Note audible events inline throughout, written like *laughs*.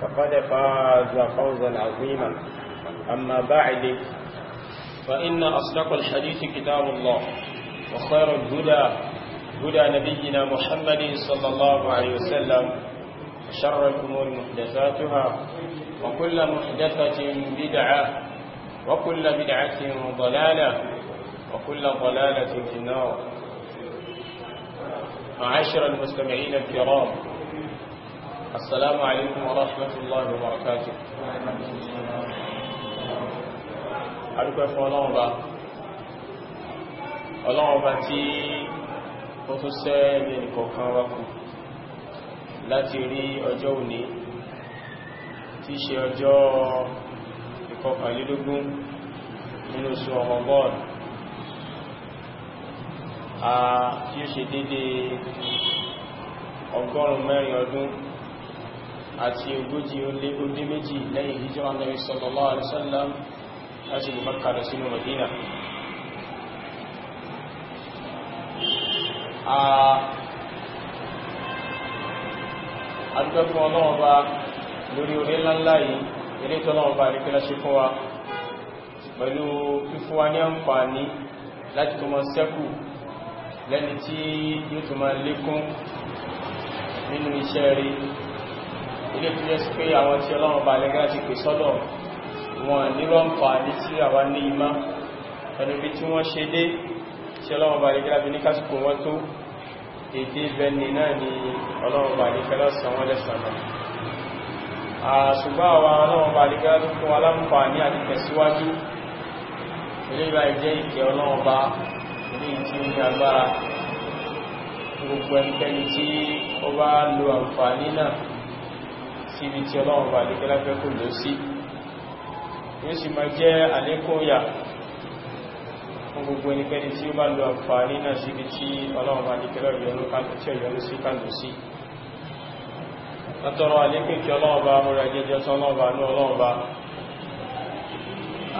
فقد فاز فوزا عظيما أما بعد فإن أصدق الحديث كتاب الله وخير الهدى هدى نبينا محمد صلى الله عليه وسلم شر الأمور محدثاتها وكل محدثة بدعة وكل بدعة ضلالة وكل ضلالة في النار معاشر المستمعين الكرام السلام عليكم ورحمة الله وبركاته adúpẹ́ fún ọlọ́run bá ọlọ́run bá tí ó tún sẹ́ ní ìkọ̀kan wá kù láti rí ọjọ́ òní tí ṣe ọjọ́ ìkọkànlélógún nínú oṣù ọmọgọ́ọ̀dù a tí ó ṣe dédé ọgọ́rùn-ún mẹ́rin ọdún àti ogójì ó lé ó lé méjì lẹ́yìn hijira nabi sallallahu alaihi wasallam láti bu makka lọ sínú madina àdúgbò fún ọlọ́wọ́ bá lórí orí ńláńlá yìí eré tọ́lọ́wọ́ bá rí pẹ́lá ṣe fún wa pẹ̀lú fífún wa ní àǹfààní láti tó mọ́ sẹ́kù lẹ́ni tí yóò tó máa lékún nínú iṣẹ́ rí ilé tó jẹ́ sí pé àwọn tí ọlọ́run bá lẹ́gbẹ́ ti pè sọ́dọ̀ wọn nírọ̀ǹfà ní tí àwa ní imá ẹnu bí tí wọ́n ṣe dé tí ọlọ́run bá lẹ́gbẹ́ bí ní kásìkò tó èdè bẹni náà ni ọlọ́run bá lẹ́gbẹ́ lọ́sàn wọn lẹ́sàn àṣùgbọ́n àwọn ọlọ́run bá lẹ́gbẹ́ tó fún aláǹfààní àti tẹ̀síwájú ilé ìbá ìjẹ́ ìkẹ́ ọlọ́run bá ní ìtí ní agbára gbogbo ẹnikẹ́ni tí ó bá síbi tí ọlọ́run bá lè gẹ́lá fẹ́ kò ló sí yóò sì máa jẹ́ àlékóyà fún gbogbo ẹnikẹ́ni tí ó bá lo àǹfààní náà síbi tí ọlọ́run bá lè gẹ́lá yọrù sí kàlù sí látọrọ àlékún kí ọlọ́run bá múra jẹjẹ sọ ọlọ́run bá ní ọlọ́run bá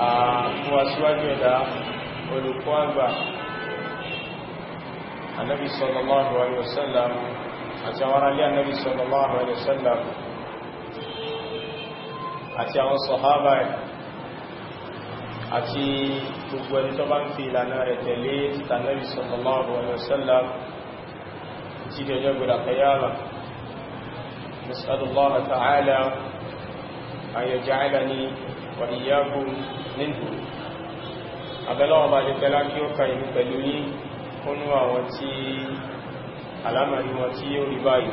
àwọn aṣíwájú ẹ̀dá olùkọ́ àgbà anábì sallallahu alaihi wasallam àti àwọn aráalé anábì sallallahu alaihi wasallam àti àwọn sọ̀hábà rẹ̀ àti gbogbo ẹni tó bá ń fi ìlànà rẹ̀ tẹ̀lé títà Nábì sallallahu alaihi wasallam tí di ọjọ́ gbọ́dà kayára nas'alullah ta'ala an yaj'alani wa iyyakum minhu abẹ́lọ́wọ́ bá lè pẹ́lá kí ó ka ìlú pẹ̀lú ní kúnnú àwọn tí alámàrí wọn tí ó rí báyìí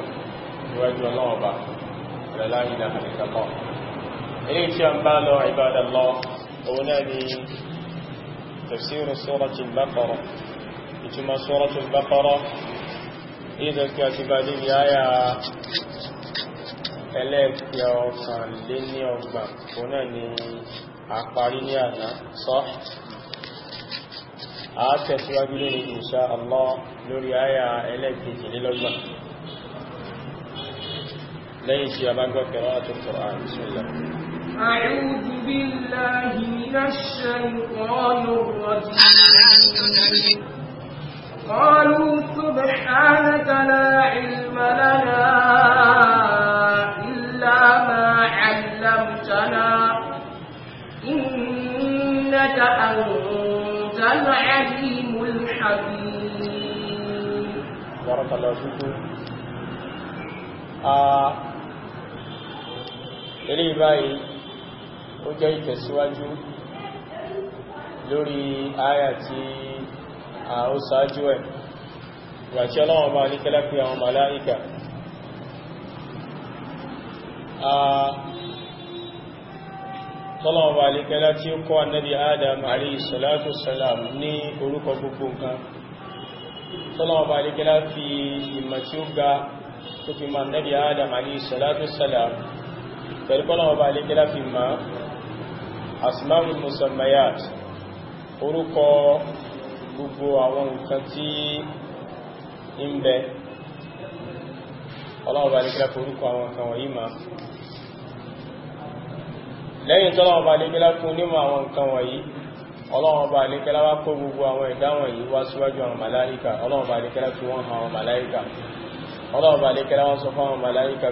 níwájú ọlọ́wọ́ rẹ̀ láàrín àdìkàkọ́ إليه كان بالو عباد الله ونادي تفسير سورة البقرة ثم سورة البقرة إذا كاتبالي آية ẹlẹ́ẹ̀kẹ́ ọkàn lé ní ọgbà òun náà ni àparí ní àná sọ́ a tẹ̀síwájú lórí insha Allah lórí àyà ẹlẹ́ẹ̀kẹ́jìlélọ́gbà lẹ́yìn tí a bá gbọ́ kẹrọ àtúntọ̀ àìsílẹ̀ أعوذ بالله من الشيطان الرجيم قالوا سبحانك لا علم لنا إلا ما علمتنا إنك أنت العليم الحكيم بارك الله فيكم eléyìí báyìí ó jẹ́ ìtẹ̀síwájú lórí àyà tí a ó sáájú ẹ̀ ìgbà tí ọlọ́wọ́n bá ní kẹ́lá pé àwọn màláìkà tọ́lọ́wọ́n bá ní kẹ́lá tí ó kọ́ annabi adam alayhi salatu salam ní orúkọ gbogbo nǹkan tọ́lọ́wọ́n bá ní kẹ́lá fi ìmọ̀ tí ó ga tó fi ma annabi adam alayhi salatu salam pẹ̀lú kọ́lọ́wọ́n bá ní kẹ́lá fi máa asmaul musammayat orúkọ gbogbo àwọn nǹkan tí ń bẹ ọlọ́ọ̀bá ní kílápù orúkọ àwọn nǹkan wọ̀nyí ma lẹ́yìn tọ́lọ́ọ̀bá ní kílápù onímọ̀ àwọn nǹkan wọ̀nyí ọlọ́ọ̀bá ní kílápù kó gbogbo àwọn ẹ̀dá wọ̀nyí wá síwájú àwọn màláíkà ọlọ́ọ̀bá ní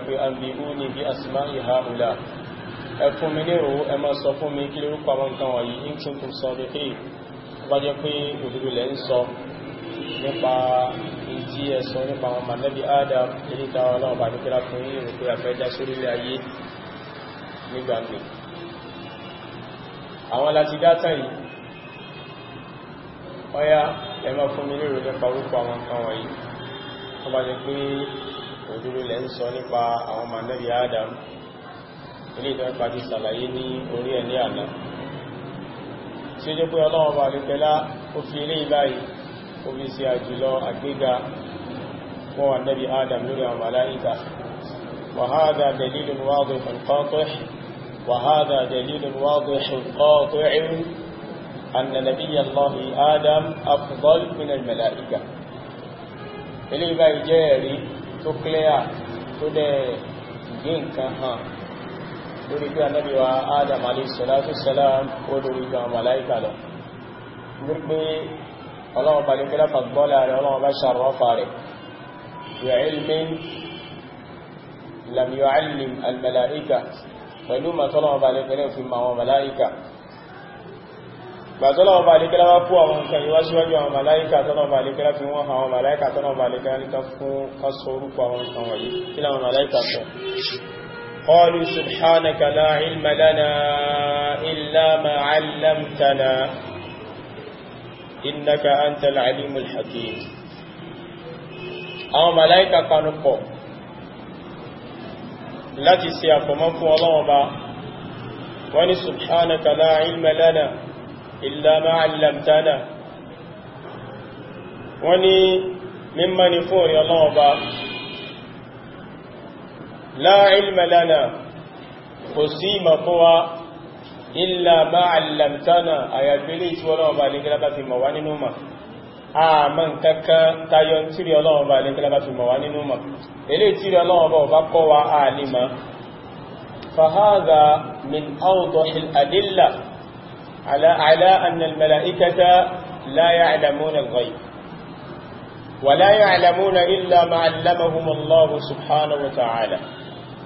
kílápù wọ́n ẹ fún mi nírò ẹ máa sọ fún mi kí lórúkọ àwọn nǹkan wọ̀nyí in tí kò sọ bí kí bá jẹ́ pé òdodo lẹ́ ń sọ nípa ìdí ẹ̀sọ́ nípa àwọn mọ̀lẹ́bí ádá èyí ta ọlọ́run bá nípẹ́lá fún yí rò pé àfẹ́já sórílẹ̀ ayé nígbàgbé àwọn láti dátà yìí ọya ẹ máa fún mi nírò nípa orúkọ àwọn nǹkan wọ̀nyí tó bá jẹ́ pé òdodo lẹ́ ń sọ nípa àwọn mọ̀lẹ́bí ádá ilé ìdẹ́pàá ti sàlàyé ní orí ẹ̀ ní àná tí ó jẹ́ pé ọlọ́wọ́ bá lè pẹ́lá ó fi ilé ìbáyìí ó fi sí àjùlọ àgbéga fún ànábì adam lórí àwọn màláìkà وهذا دليل واضح قاطع وهذا دليل واضح قاطع أن نبي الله آدم أفضل من الملائكة ilé ìbáyìí jẹ́ ẹ̀rí tó clear tó dẹ̀ gbé nǹkan hàn lórí pé anábì wa adam alayhi salatu salam ó lórí ju àwọn màláìkà lọ nítorí pé ọlọ́wọ́ balẹ̀kẹ́lá fàgbọ́lá rẹ̀ ọlọ́wọ́ bá ṣàrọ́fà rẹ̀ بعلم لم يعلم الملائكة pẹ̀lú màtọ́lọ́wọ́ bá lẹ́gbẹ̀rẹ́ wá fún àwọn nǹkan ìwáṣíwájú àwọn màláíkà tọ́lọ́wọ́ bá lẹ́gbẹ̀rẹ́ fi wọ́n àwọn màláíkà tọ́lọ́wọ́ bá lẹ́gbẹ̀rẹ́ níta fún kásọ̀ àwọn nǹkan wọ̀nyí kí láwọn màláíkà قالوا سبحانك لا علم لنا إلا ما علمتنا إنك أنت العليم الحكيم أو ملائكة كانوا láti ṣe àfọ̀mọ́ fún ọlọ́wọ́ bá wọ́n ni subhanaka la ilma lana illa ma 'allamtana wọ́n ni mímọ́ ni fún ọ̀rẹ́ ọlọ́wọ́ bá la ilma lana kò sí ìmọ̀ fún wa illa ma 'allamtana àyàgbélé tí ọlọ́run bá lè gẹ́lábá fi mọ̀ wá nínú mà àmà nkankan tayọ tíri ọlọ́run bá fi mọ̀ wá nínú mà ilé tíri ọlọ́run على على أن الملائكة لا يعلمون الغيب ولا يعلمون إلا ما علمهم الله سبحانه وتعالى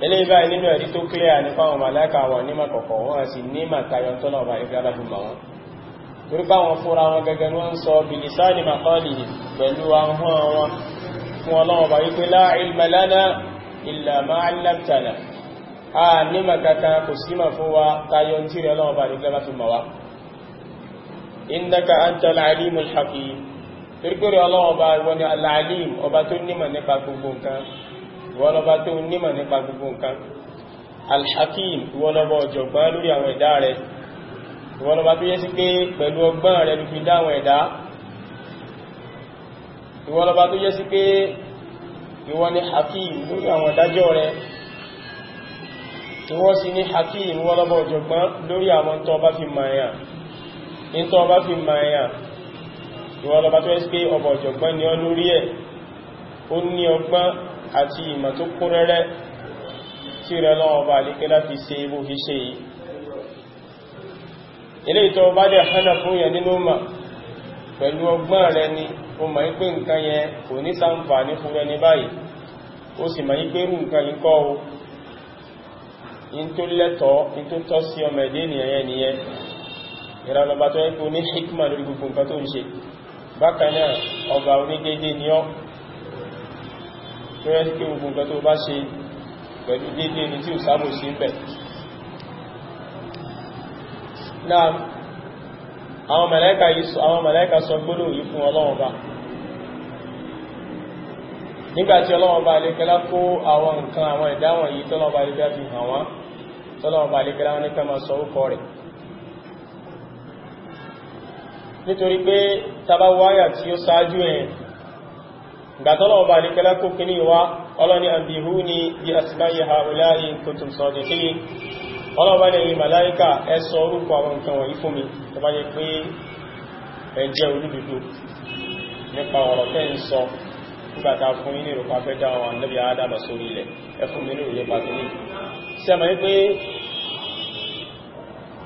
eléyìí báyìí nínú ẹ̀rí tó clear nípa àwọn màláìkà wọn ní màkọ̀kọ̀ wọn sì ní màkàyọ̀ tọ́nà ọba ìfẹ́ alábùmọ̀ wọn torí báwọn fúnra wọn gẹ́gẹ́ ni wọ́n sọ bìlìsáàlì màkọ́lì pẹ̀lú àwọn wọn fún ọlọ́wọ́ bá wípé la ilma lana illa ma 'allamtana a ní màkàkà kò sí mà ìwọ́lọ́bá tó nímọ̀ nípa gbogbo nǹkan alhakim ìwọ́lọ́bá ọ̀jọ̀gbọ́n lórí àwọn ẹ̀dá rẹ̀ ìwọ́lọ́bá tó yẹ sí pé pẹ̀lú ọgbọ́n rẹ̀ ló fi dá àwọn ẹ̀dá ìwọ́lọ́bá tó yẹ sí pé ìwọ ni hakim lórí àwọn ìdájọ́ rẹ̀ ìwọ́ sí ní hakim ìwọ́lọ́bá ọ̀jọ̀gbọ́n lórí àwọn tó bá fi mọ̀ ẹ̀yà àti ìmọ̀ tó kún rẹ́rẹ́ tí rẹ lọ́wọ́ bá lè kẹ́lá fi ṣe ibò fi ṣe yìí ilé ìtọ́ bá dẹ̀ hánà fún yẹn nínú mà pẹ̀lú ọgbọ́n rẹ ni o mọ̀ ipé nǹkan yẹn kò ní sàǹfà ní fún rẹ ní báyìí sì rú nǹkan yìí kọ́ o in tó lẹ́tọ̀ọ́ in tó tọ́ sí ọmọ ẹ̀dẹ́ ènìyàn nìyẹn ìrànlọ́bà tó yẹ kó ní hikma lórí gbogbo nǹkan tó ń ṣe bákan náà ni ọ́ tó yẹ kí gbogbo nǹkan tó bá ṣe pẹ̀lú déédéé ni tí ò sábò sí ń bẹ̀ náà àwọn mẹ̀lẹ́kà sọ àwọn yìí fún ọlọ́run nígbàtí ọlọ́run bá kó àwọn nǹkan àwọn ìdáwọn yìí tọ́lọ́run bá fi hàn gbàtọ́lọ̀ ọba àdíkẹ́lá kó kí ní wá ọlọ́ni àbìhú ni bí asìbáyé ha oláyé kòtùm sọ́dẹ̀ kí ọlọ́ba ní ìrìn màláíkà ẹsọ orúkọ àwọn nǹkan wọ̀nyí fún mi tó bá jẹ́ pé ẹjẹ́ olúdúdú nípa ọ̀rọ̀ tẹ́ ń sọ nígbàtà fún yín ìrọ̀pá fẹ́ dá àwọn ànábì Ádámà sórí ilẹ̀ ẹfún mi ní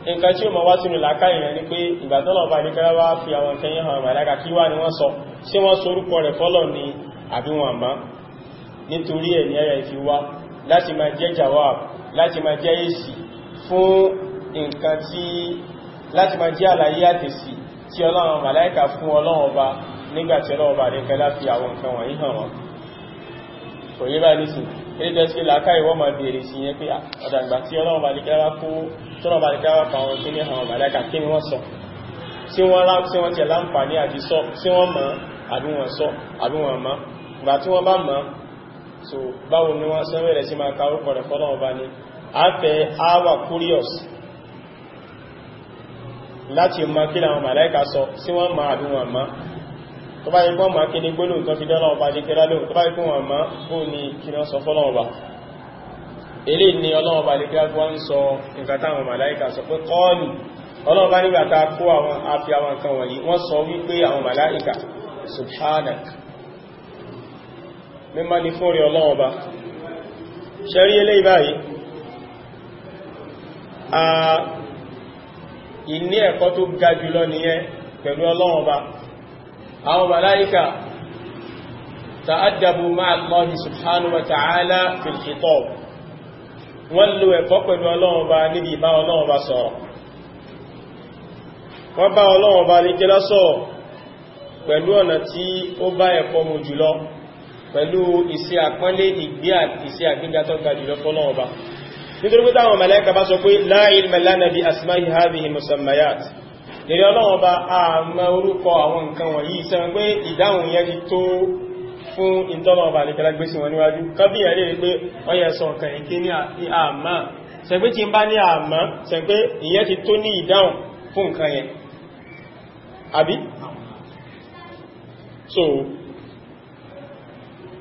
nǹkan tí ó ma wá sínú làákà ìrìn ní pé ìgbàtọ́lọ̀ bá nìkan wá fi àwọn nǹkan yẹn hàn màláka kí wá ni wọ́n sọ ṣé wọ́n sorúkọ rẹ̀ fọ́lọ̀ ni àbí àmá nítorí ẹ̀ ní ẹ̀yà ìfi wá láti máa jẹ́ jawab láti máa jẹ́ èsì fún nǹkan tí láti máa jẹ́ àlàyé àtẹ̀sì tí ọlọ́run màláka fún ọlọ́run ọba nígbàtí ọlọ́run bá nìkan láfi àwọn nǹkan wọ̀nyí hàn wọn kò tọ́nà bá dìkà wà fáwọn kí ní àwọn màláìkà kí ni wọ́n sọ tí wọ́n lá tí wọ́n ti láǹfààní àti sọ tí wọ́n mọ̀ àbí wọ́n sọ àbí wọ́n mọ̀ ìgbà tí wọ́n bá mọ̀ so báwo ni wọ́n sọ wẹ̀rẹ̀ sí máa ka orúkọ rẹ̀ fọ́nà ọba ni a fẹ́ ni àwọn màláìkà sọ tí wọ́n mọ̀ àbí wọ́n mọ̀ tó bá yẹ kó mọ̀ ilé ni ọlọ́wọ́ bá lè kíra wọ́n ń sọ nǹkan táwọn màláìkà sọ pé kọ́ọ̀lù ọlọ́wọ́ bá nígbà ta kó àwọn afi àwọn nǹkan wọ̀nyí wọ́n sọ wípé àwọn màláìkà subhanak mímá ni fún rí ọlọ́wọ́ bá ṣẹ́rí wọ́n lo ẹ̀kọ́ pẹ̀lú ọlọ́run bá níbi ìbá ọlọ́run bá sọ̀rọ̀ wọ́n bá ọlọ́run bá lékẹ́ lọ́sọ̀rọ̀ pẹ̀lú ọ̀nà tí ó bá ẹ̀kọ́ mu jùlọ pẹ̀lú ìṣe àpọ́nlé ìgbé ìṣe àgbéga tó ga jùlọ fọ́lọ́run bá nítorí pé táwọn mẹ̀lẹ́kà bá sọ pé ilma lana bi asma'i hadhihi musammayat lèrè ọlọ́run bá àmà orúkọ àwọn nǹkan wọ̀nyí sẹ́wọ́n pé ìdáhùn yẹn fún ìtọ́nà ọba àlekẹ́lá gbé wọn níwájú kọ́bí ẹ̀rí rí pé wọ́n yẹ sọ nǹkan ìké ní àmà sẹ́gbé ní àmà sẹ́gbé so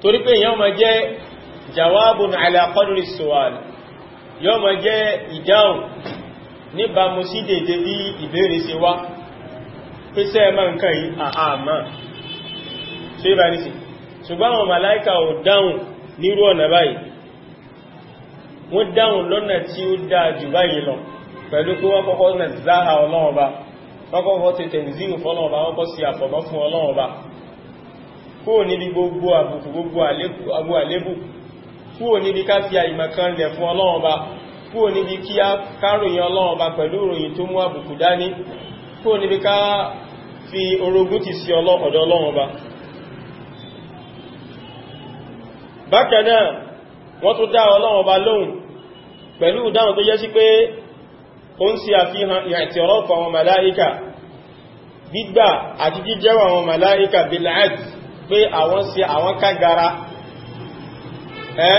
torí pé ma jẹ́ jawabun ala qadri ma jẹ́ ìdáhùn níbàmú dédé wá ṣùgbọ́n àwọn màláìkà ò dáhùn nírú ọ̀nà báyìí wọ́n dáhùn lọ́nà tí ó dáa jù báyìí lọ pẹ̀lú pé wọ́n kọ́kọ́ nà záhà ọlọ́ọ̀ba wọ́n kọ́kọ́ ti tẹ̀lìzíhù fọ́lọ́ọ̀ba wọ́n kọ́ sí àfọ̀mọ́ fún ọlọ́ọ̀ba kúrò níbi gbogbo àbùkù fi àìmọ̀kan ti sí ọlọ́ọ̀dọ̀ ọlọ́ọ̀ba bákan náà wọ́n tó dá Ọlọ́run ọba lóhùn pẹ̀lú ìdáhùn tó yẹ sí pé ó ń ṣe àfihàn ìrìntì ọ̀rọ̀fọ̀ àwọn màláíkà gbígbà àti jíjẹ́wọ̀ àwọn màláíkà bil'ad pé àwọn ṣe àwọn kágara ẹ́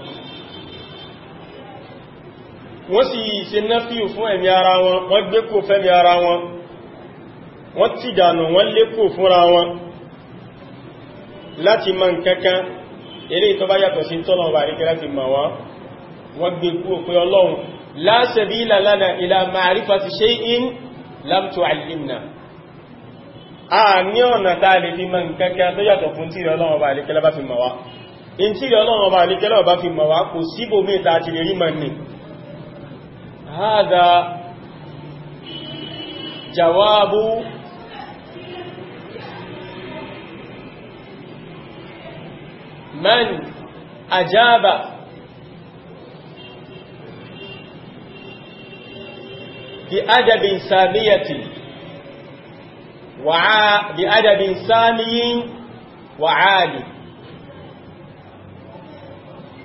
wọ́n wọ́n sì ṣe náfíù fún ẹ̀mí ara wọn wọ́n gbé kò fẹ́mí ara wọn wọ́n ti dànù wọ́n lé kò fúnra wọn láti mọ̀ nǹkankan eré ìtọ́bá yàtọ̀ sí tọ́nà ọba àríkẹ́ láti mọ̀ wọ́n wọ́n gbé kú òpin ọlọ́run la sabila lana ila ma'rifati shay'in in tí ọlọ́run هذا جواب من أجاب بأدب سامية وعا بأدب سامي وعالي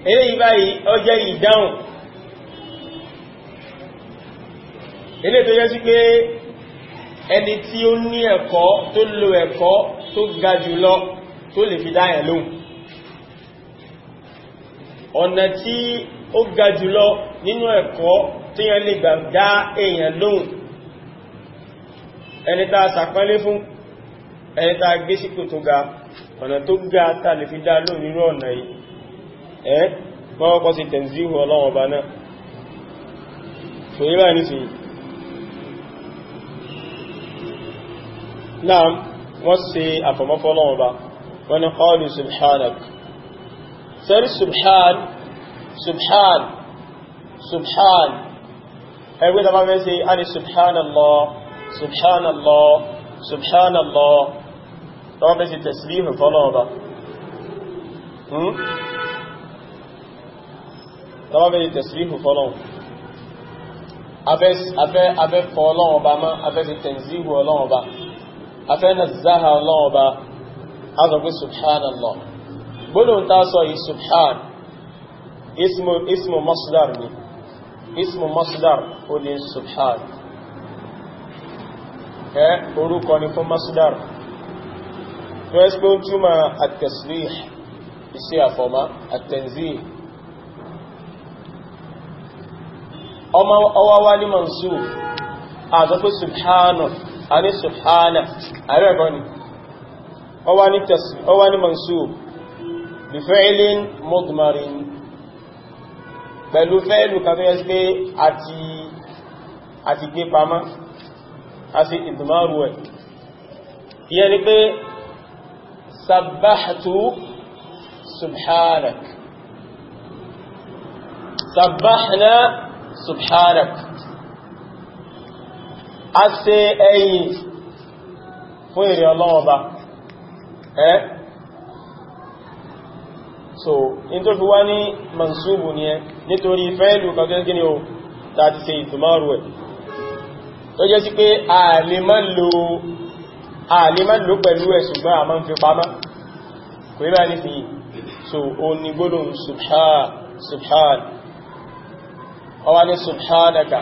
إليه باي أجي دون ilé tó yẹ sí pé ẹni tí ó ní ẹ̀kọ́ tó lo ẹ̀kọ́ tó ga jùlọ tó lè fi dá ẹ̀ lóhùn ọ̀nà tí ó ga jùlọ nínú ẹ̀kọ́ tí yẹn lè gbà dá èèyàn lóhùn ẹni tá a sàpẹ́lé fún ẹni tá gbé sípò tó ga ọ̀nà tó ga tá lè fi dá lóhùn nínú ọ̀nà yìí ẹ́ mọ́wọ́kọ́ sí tẹ̀síhù ọlọ́wọ̀ba náà náà wọ́n ṣe àfọ̀mọ́fọ́lọ́wọ́ bá wọ́n ni qalu subhanak sẹ́rí subhan subhan subhan ẹgbẹ́ tàbá fẹ́ sí a ni subhanallah subhanallah subhanallah tàbá fẹ́ sí tasbihu fọ́lọ́wọ́ bá hmm? tàbá fẹ́ sí tasbihu fọ́lọ́wọ́ afẹ́ fọ́ ọlọ́wọ́ bá má afẹ́ sí tanzihu ọlọ́wọ́ bá afẹ́nà záhà ọlọ́run ọba azọ̀gbé subhanallah gbólóhùn tá sọ yìí subhan ismu masdar ni ismu masdar ó ní subhan ẹ orúkọ ni fún masdar tó ẹ́ pé ó túmọ̀ at-tasbih iṣẹ́ àfọ́má at-tanzih ọwá wá ní mansub àzọ́gbé a ní subhana àrẹ́bọ̀ ni ọwá ní mansub bí fẹ́ilin mọ́gbọ̀marin pẹ̀lú fẹ́ìlù kàfíyàs pé àti gbé pamá a sì ìdùmárù ẹ̀ yẹ ni owa ni mansub bi feilin mogbomarin pelu feilu kafiyas pe ati ati ke pama asi si wa e ye ni pe sabbahtu subhanak sabbahna subhanak a ṣe ẹ̀yìn fún èrè ọlọ́wọ́ ẹ́ so in tó fi wá ní mansubu ni ẹ nítorí fẹ́ẹ̀lù kàtẹ́ gíní o ta ti ṣe ìtùmọ́rù ẹ̀ tó jẹ́ sí pé àlèmọ́lò pẹ̀lú ẹ̀ ṣùgbọ́n a ń fi pamá kò ibá ní fi so o ní gbódùn subhan subhan ọwá ní subhanaka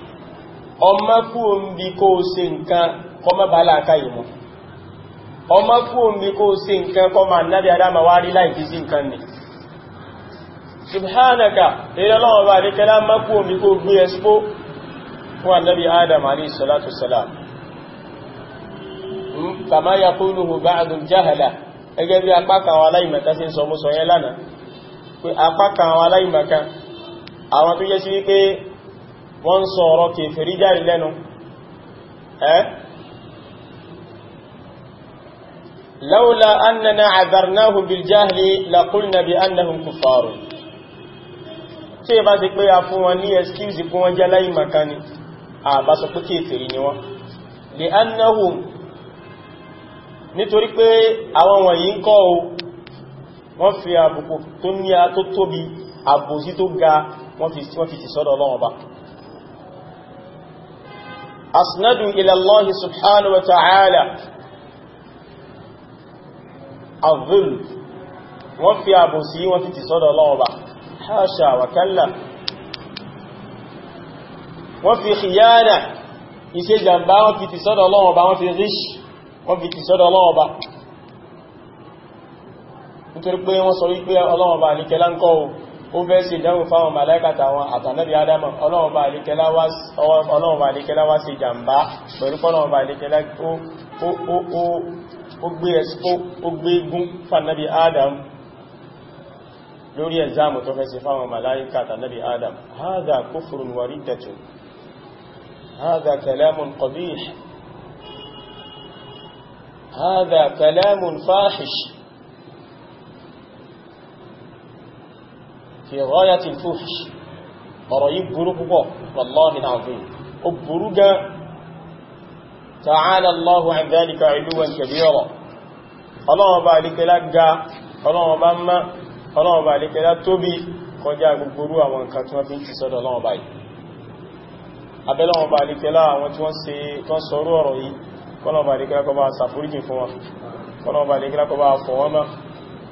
ọmọ kú omi kó o ṣe nǹkan kọ mọ́ bàálà ká ìmú ọmọ kú omi kó o ṣe nǹkan kọ ma nábi adama wá rí láìfi sí nǹkan ni subhanaka ilẹ̀ lọ́wọ́ bá rí kẹ́lá mọ́ kú omi kó gbé ẹsùpó fún annabi adam alayhi hmm, àwọn tó yẹ sí wípé wọ́n ń sọ ọ̀rọ̀ kèfèrí járe lẹ́nu ẹ́ laula annana azarnahum bil jahli la qulna bi annahum kuffarun tí ẹ bá ti pé a fún wọn ní excuse kún wọn jẹ́ láì makani a bá sọ pé kèfèrí ni wọ́n li annahum nítorí pé àwọn wọ̀nyí ń kọ́ o wọ́n fi àbùkù tó ní a tó tóbi àbòsí tó ga wọ́n fi ti sọ́dọ̀ Ọlọ́run Ọba أسندوا إلى الله سبحانه وتعالى الظلم وفي أبو سي وفي تصدى الله حاشا وكلا وفي خيانة iṣẹ́ jàmbá wọ́n fi ti sọ́dọ̀ Ọlọ́run Ọba wọ́n fi ríṣ wọ́n fi ti sọ́dọ̀ Ọlọ́run Ọba nítorí pé wọ́n sọ wípé Ọlọ́run Ọba àníkẹ́lá ń kọ́ ohun ó fẹ́ ṣe ìdánwò fáwọn màláìkàtà àwọn àtànẹ́bí adama ọlọ́run bá àlékẹ́lá wá ṣe jàmbá pẹ̀lú pọ́lọ́run bá àlékẹ́lá ó gbé egún fànẹ́bí adam lórí ẹ̀zámù tó fẹ́ ṣe fáwọn màláìkàtà fi ghayatil fuhsh ọ̀rọ̀ yìí burú púpọ̀ wallahi alazim ó burú gan ta'ala Allahu an dhalika 'uluwan kabira ọlọ́wọ́ bá alékẹ́lá ga ọlọ́wọ́ bá má ọlọ́wọ́ bá alékẹ́lá tóbi kọjá gbogbo àwọn nǹkan tí wọ́n fi ń ti sọ́dọ̀ ọlọ́wọ́ báyìí abẹ́lọ́wọ́ bá alékẹ́lá àwọn tí wọ́n ṣe tán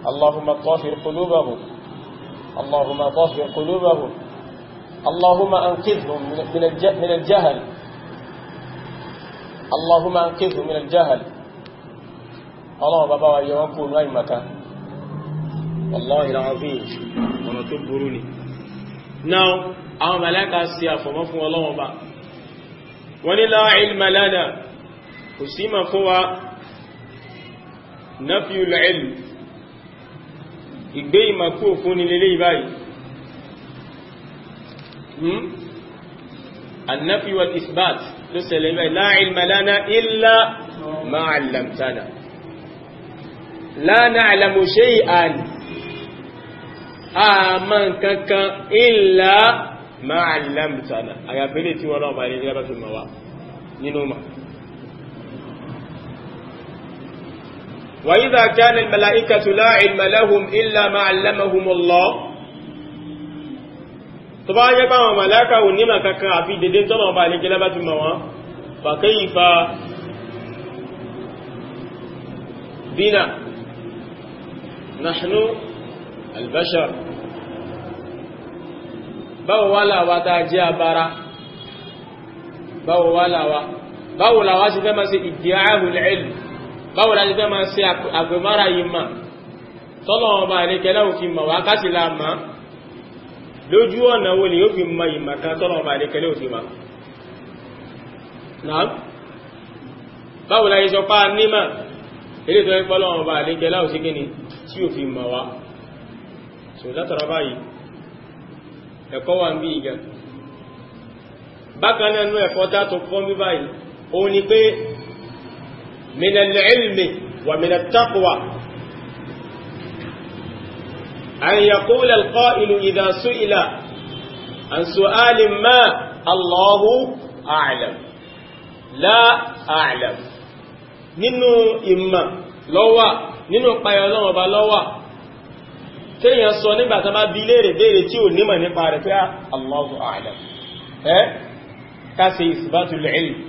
Allahumma tahhir qulubahum اللهم طهر قلوبهم اللهم أنقذهم من الجهل اللهم أنقذهم من الجهل ọlọ́run bàbá wa yọ wọn kó náà ìmọ̀ká ọlọ́run ọ̀nà tó burú ni náà àwọn mẹ́lẹ́ka sí àfọ̀mọ́ fún ọlọ́run bá wọ́n ní la ilma lana kò sí ma fún wa nafiul ilm ìgbé ìmọ̀kú òfún ni lélé ìbáyìí hmm? annafi wa isbat ló sẹlẹ̀ ìbáyìí la ilma lana illa ma 'allamtana la na'lamu shay'an àmà kankan illa ma 'allamtana àyàfẹ́lẹ̀ tí wọ́n náà bá rí gẹ́gẹ́ bá nínú mọ̀ وإذا كان الملائكة لا علم لهم إلا ما علمهم الله tó bá jẹ́ pàwọn màláíkà ò ní màkàkà àfi dédé tọ́nà ọba àlejẹ́lẹ́ bá fi mọ̀ wọ́n fàkẹ́ ìfà bína nàṣínú albashar báwo wá làwá tá a jẹ́ abára báwo wá làwá báwo làwá sí fẹ́ máa ṣe ìdíyàáhùn ilẹ̀ báwo la ti fẹ́ máa ṣe àgbẹ̀mára yìí mà tọ́lọ̀ ọba àríkẹ́lá òfin mà wá kásì la mà lójú ọ̀nà wo ni yóò fi ma ìmà kan tọ́lọ̀ ọba àríkẹ́lá òfin mà náà báwo la yìí sọ pa nímà eré tó ń pọ́ lọ́wọ́ ọba àríkẹ́lá òfin kíni tí òfin mà wá so látara báyìí ẹ̀kọ́ wà ń bí ìgà bákan náà ẹ̀kọ́ dá tó mí báyìí òun ni pé من العلم ومن التقوى أن يقول القائل إذا سئل عن سؤال ما الله أعلم لا أعلم nínú ìmọ̀ lọ́wà nínú payọ lọ́wọ́ bá lọ́wà tí èyàn sọ nígbàtà bá bí léèrè béèrè tí ò nímọ̀ nípa rẹ̀ pé ah, Allahu a'lam ẹ́ ká ṣe ìsìbátulẹ̀ ilmi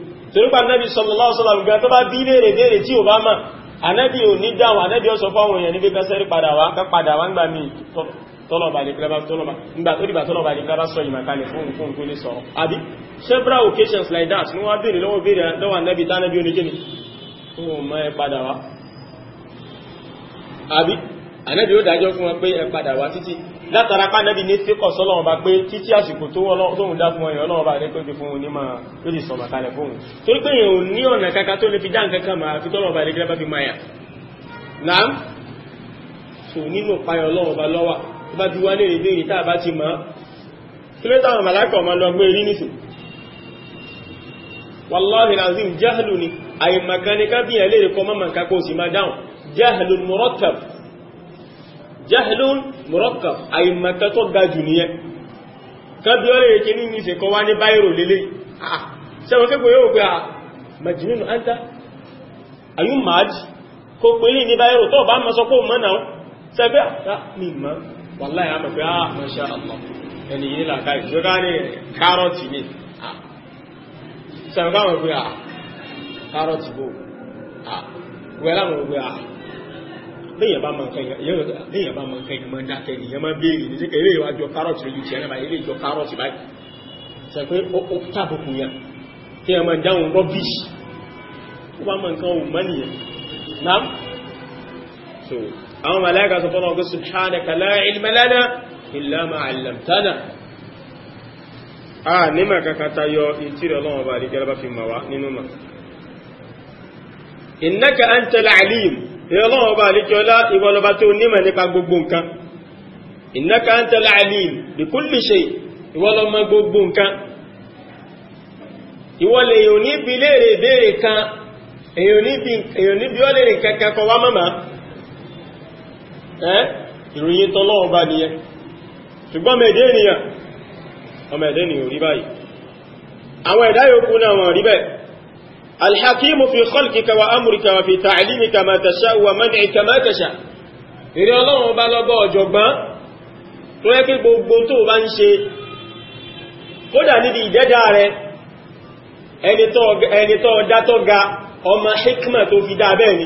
torípa anábì sallallahu alaihi wasallam tó bá bí léèrè léèrè tí ò bá mà anábì ò ní dáhùn anábì ó sọ fáwọn èèyàn níbi kẹsẹ́rí padà wá ká padà wá ńgbà míì tọ́lọ̀bà lè kílábà tọ́lọ̀bà nígbà tó dìbà tọ́lọ̀bà occasions like that ní wọ́n bèèrè lọ́wọ́ bèèrè lọ́wọ́ anábì tánábì oníkíni ó mọ́ ẹ padà wá àbí anábì ó dájọ́ fún wọn pé ẹ padà wá títí látara pa nẹ́bí ní fíkọ̀ sọ́lọ́wọ́ bá pé títí àsìkò tó wọ́n dá fún ọyàn ọlọ́wọ́ bá rẹ̀ pé fún onímọ̀ lórí sọ̀bà kalẹ̀ fóun tó pé èèyàn ò ní ọ̀nà kankan tó lè fi dá nǹkan kan máa fi tọ́lọ̀ bá rẹ̀ bá fi máa yà náà tò nínú payọ̀ ọlọ́wọ́ bá lọ́wà tó bá bí wá lè rí ìta bá ti mọ́ kí ló táwọn màláìkà ọmọ jahlun murakkab àìmọ̀kan tó ga jù nìyẹn kábíọ́lẹ̀ èké ní ìṣẹ́ kọ wá ní báyìrò lélé ah, ṣẹ́wọ̀n kẹ́kọ̀ọ́ yóò gbé à ah, majnun anta ayú máàjì kò pè ní ní báyìrò tó bá mọ́ sọ pé mọ́ náà sẹ́gbẹ́ àtà ní ìmọ̀ ah, wallahi àmọ̀ pé ah masha Allah ẹni yìí làkà ìṣúra ní kárọ̀tì ní ṣẹ́wọ̀n káwọn gbé à léyìn bá mọ nǹkan yẹn máa ń dákẹ́ ni yẹn máa béèrè ní síkẹ̀ eré ìwájú kárọ̀tì lójú tiẹ̀ náà báyìí eré ìjọ kárọ̀tì báyìí sọ pé ó tàbùkù yẹn kí ẹ máa dáhùn rọ́bìṣì ó bá mọ nǹkan ò mọ́ nìyẹn náà so àwọn màláìka sọ fọ́nà ọgọ́ subhanaka la ilma lana illa ma 'allamtana a nímọ̀ kankan tayọ ìtìrẹ̀ ọlọ́wọ́ bá rí gẹ́lẹ́ bá fi mọ̀ wá nínú mọ̀ innaka antal alim ìrọlọ́wọ́ ọba àlíkíọlá ìwọlọba tó nímọ̀ nípa gbogbo nǹkan alim bi kulli ìwọlọmọ gbogbo nǹkan ìwọlẹ̀ èyàn léèrè ìbéèrè kan níbi kankan kọ wá الحكيم في خلقك وأمرك وفي تعليمك ما تشاء ومنعك ما تشاء ìrẹ́ ọlọ́run ọba lọ́gbọ́ ọ̀jọ̀gbọ́n tó yẹ kí gbogbo tó bá ń ṣe kódà níbi ìdẹ́dà rẹ ẹni tó ọdá tó ga ọmọ hikma tó fi dá bẹ́ẹ̀ ni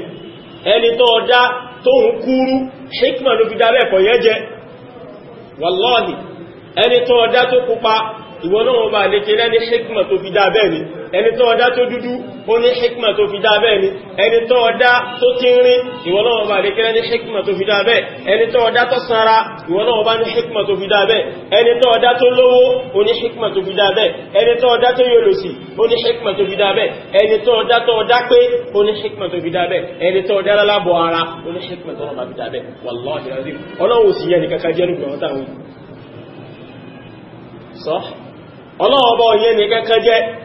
ẹni tó ọdá tó ń kúrú hikma ló fi dá bẹ́ẹ̀ kọ̀ yẹ́jẹ́ wallahi ẹni tó ọdá tó pupa ìwọ náà ọba lè kí lẹ́ni hikma tó fi dá bẹ́ẹ̀ ni ẹni tó ọdá tó dúdú ó ní hikma tó fi dáa bẹ́ẹ̀ ni ẹni tó ọdá tó tínrín ìwọ náà ọba àdékẹ́lẹ́ ní hikma tó fi dáa bẹ́ẹ̀ ẹni tó ọdá tó sanra ìwọ náà ọba ní hikma tó fi dáa bẹ́ẹ̀ ẹni tó ọdá tó lówó ó ní hikma tó fi dáa bẹ́ẹ̀ ẹni tó ọdá tó yọlòsì ó ní hikma tó fi dáa bẹ́ẹ̀ ẹni tó ọdá tó ọdá pé ó ní hikma tó fi dáa bẹ́ẹ̀ ẹni tó ọdá lálábọ̀ ara ó ní hikma tó fi dáa bẹ́ẹ̀ ọlọ́run sì yẹ nìkan kájẹ́ nígbà wọn táwọn ọlọ́run ọba òye nìkan kájẹ́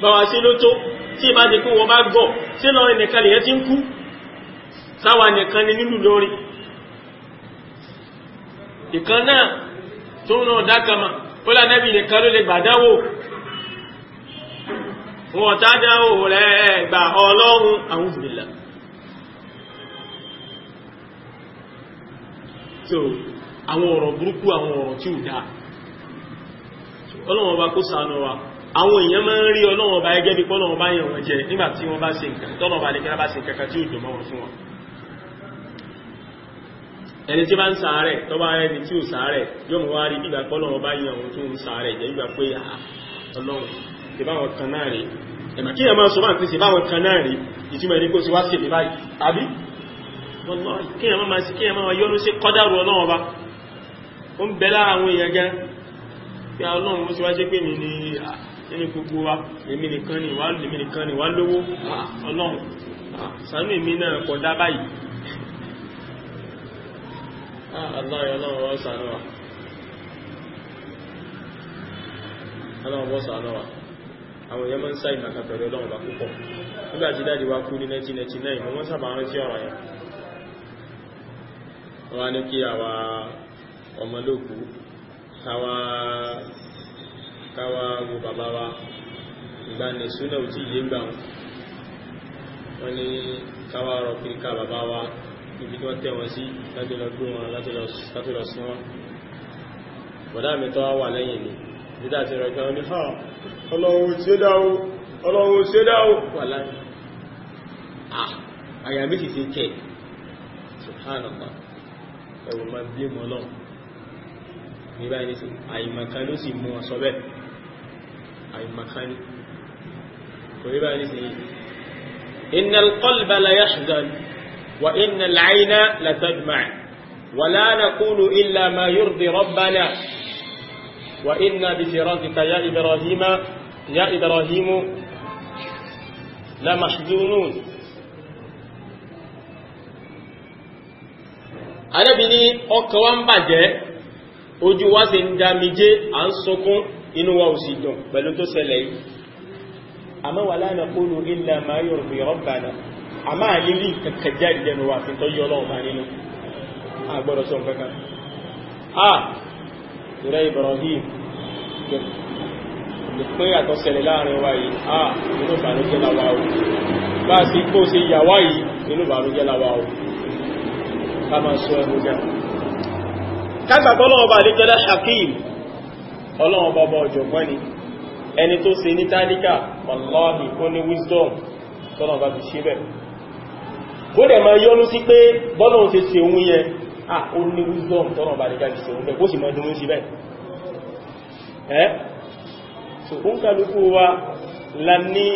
bá wa sí ló tó tí ìbá ti kú wọn bá gọ̀ sí nku nìkan lèyẹ ti ń kú sáwà nìkan ni nílùú lọrin ìkan náà tó ń náà dákàmà ó là nìkan ló lè gbàdáwò wọn tádáwò rẹ̀ gbà ọlọ́run àwọn òbílà so àwọn ọ̀rọ̀ burúkú àwọn ọ̀rọ̀ tí ò dáa ọlọ́run ọba kó àwọn èèyàn máa ń rí ọlọ́wọ́n bá ẹgẹ́ bí pọ́lọ́wọ́n bá yàn wọ́n jẹ nígbà tí wọ́n bá ṣe nǹkan tọ́lọ́ bá nìkan bá ṣe nǹkan kan tí ó dùn mọ́ wọn fún wọn ẹni tí bá ń ṣàárẹ̀ tó bá ẹni tí ò ṣàárẹ̀ yóò mú wá rí bí ìgbà pọ́lọ́wọ́n bá yàn òun tó ń ṣàárẹ̀ jẹ́ ìgbà pé ah, Ọlọ́run nínú gbogbo wa èmi nìkan ni wà lèmi nìkan ni wà lówó ọlọ́run ṣàánú èmi náà kọjá báyìí ah, aláyọ̀ ọlọ́run wọ́n ṣàánú wa ọlọ́run wọ́n ṣàánú wa àwọn èèyàn máa ń sáì màkà pẹ̀lú ọlọ́run bá púpọ̀ nígbà káwa wo bàbá wa ìgbà ní súnà ò tí ìyé ń gbà wọn ní káwa rọ kiri ká bàbá wa ibi tí wọ́n tẹ̀ wọ́n sí láti lọ gbé wọn láti lọ sí wọn bọ̀dá mi tọ́ wà lẹ́yìn ni dídá ti rọ̀ kan ní ha ọlọ́run tí ó dáwó ọlọ́run tí ó dáwó wà láì àyà méjì ti kẹ́ subhanallah ẹ̀rùn ma bí mọ́ lọ́n ní báyìí àìmọ̀kan ló sì mú ọ̀sọ́ bẹ́ẹ̀ àìmọ̀kánì kò rí báyìí sí iná kọlbà la yáṣùdán wa iná láìná látàdùmá wà lánà kúlù ilá ma yúrdi rọ́bánà wa iná bí sí rọ́dìka ya ibrahima ya ibrahimu la mahzunun arábìnrin ọkọ̀ wa ń bàjẹ́ ojú wa sì ń damijé à ń sọkún inú wa ò sì dùn pẹ̀lú tó ṣẹlẹ̀ yìí àmọ́ wà lánà kúrò ilẹ̀ máa yọ̀ bí rabbana a máa ní rí kankan jáde lẹ́nu wa fi tọ́jú ọlọ́run bá nínú agbọ́dọ̀ sọ kankan a ìrẹ́ Ibrahim pé àtọ́ ṣẹlẹ̀ láàrin wa yìí a inú ìbànújẹ́ wà o bá sí kó ṣe sọ ẹnu jẹ́ bá lè jẹ́ ọlọ́run bọ́bọ̀ ọ̀jọ̀gbọ́n ni ẹni tó ṣe ní tálíkà wàláhì ó wisdom tọ́lọ̀ bá fi ṣe bẹ̀rẹ̀ ó dẹ̀ máa yọ́nú sí pé bọ́lọ̀un ṣe ṣe òun yẹn à ó ní wisdom tọ́lọ̀ bá rí gáàkì ṣe òun bẹ̀rẹ̀ ó sì máa so ó ń kàlùkù wa la ní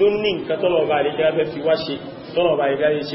lónìí nǹkan tọ́lọ̀ bá rí gáàkì fi wá ṣe tọ́lọ̀ bá rí gáàkì ṣe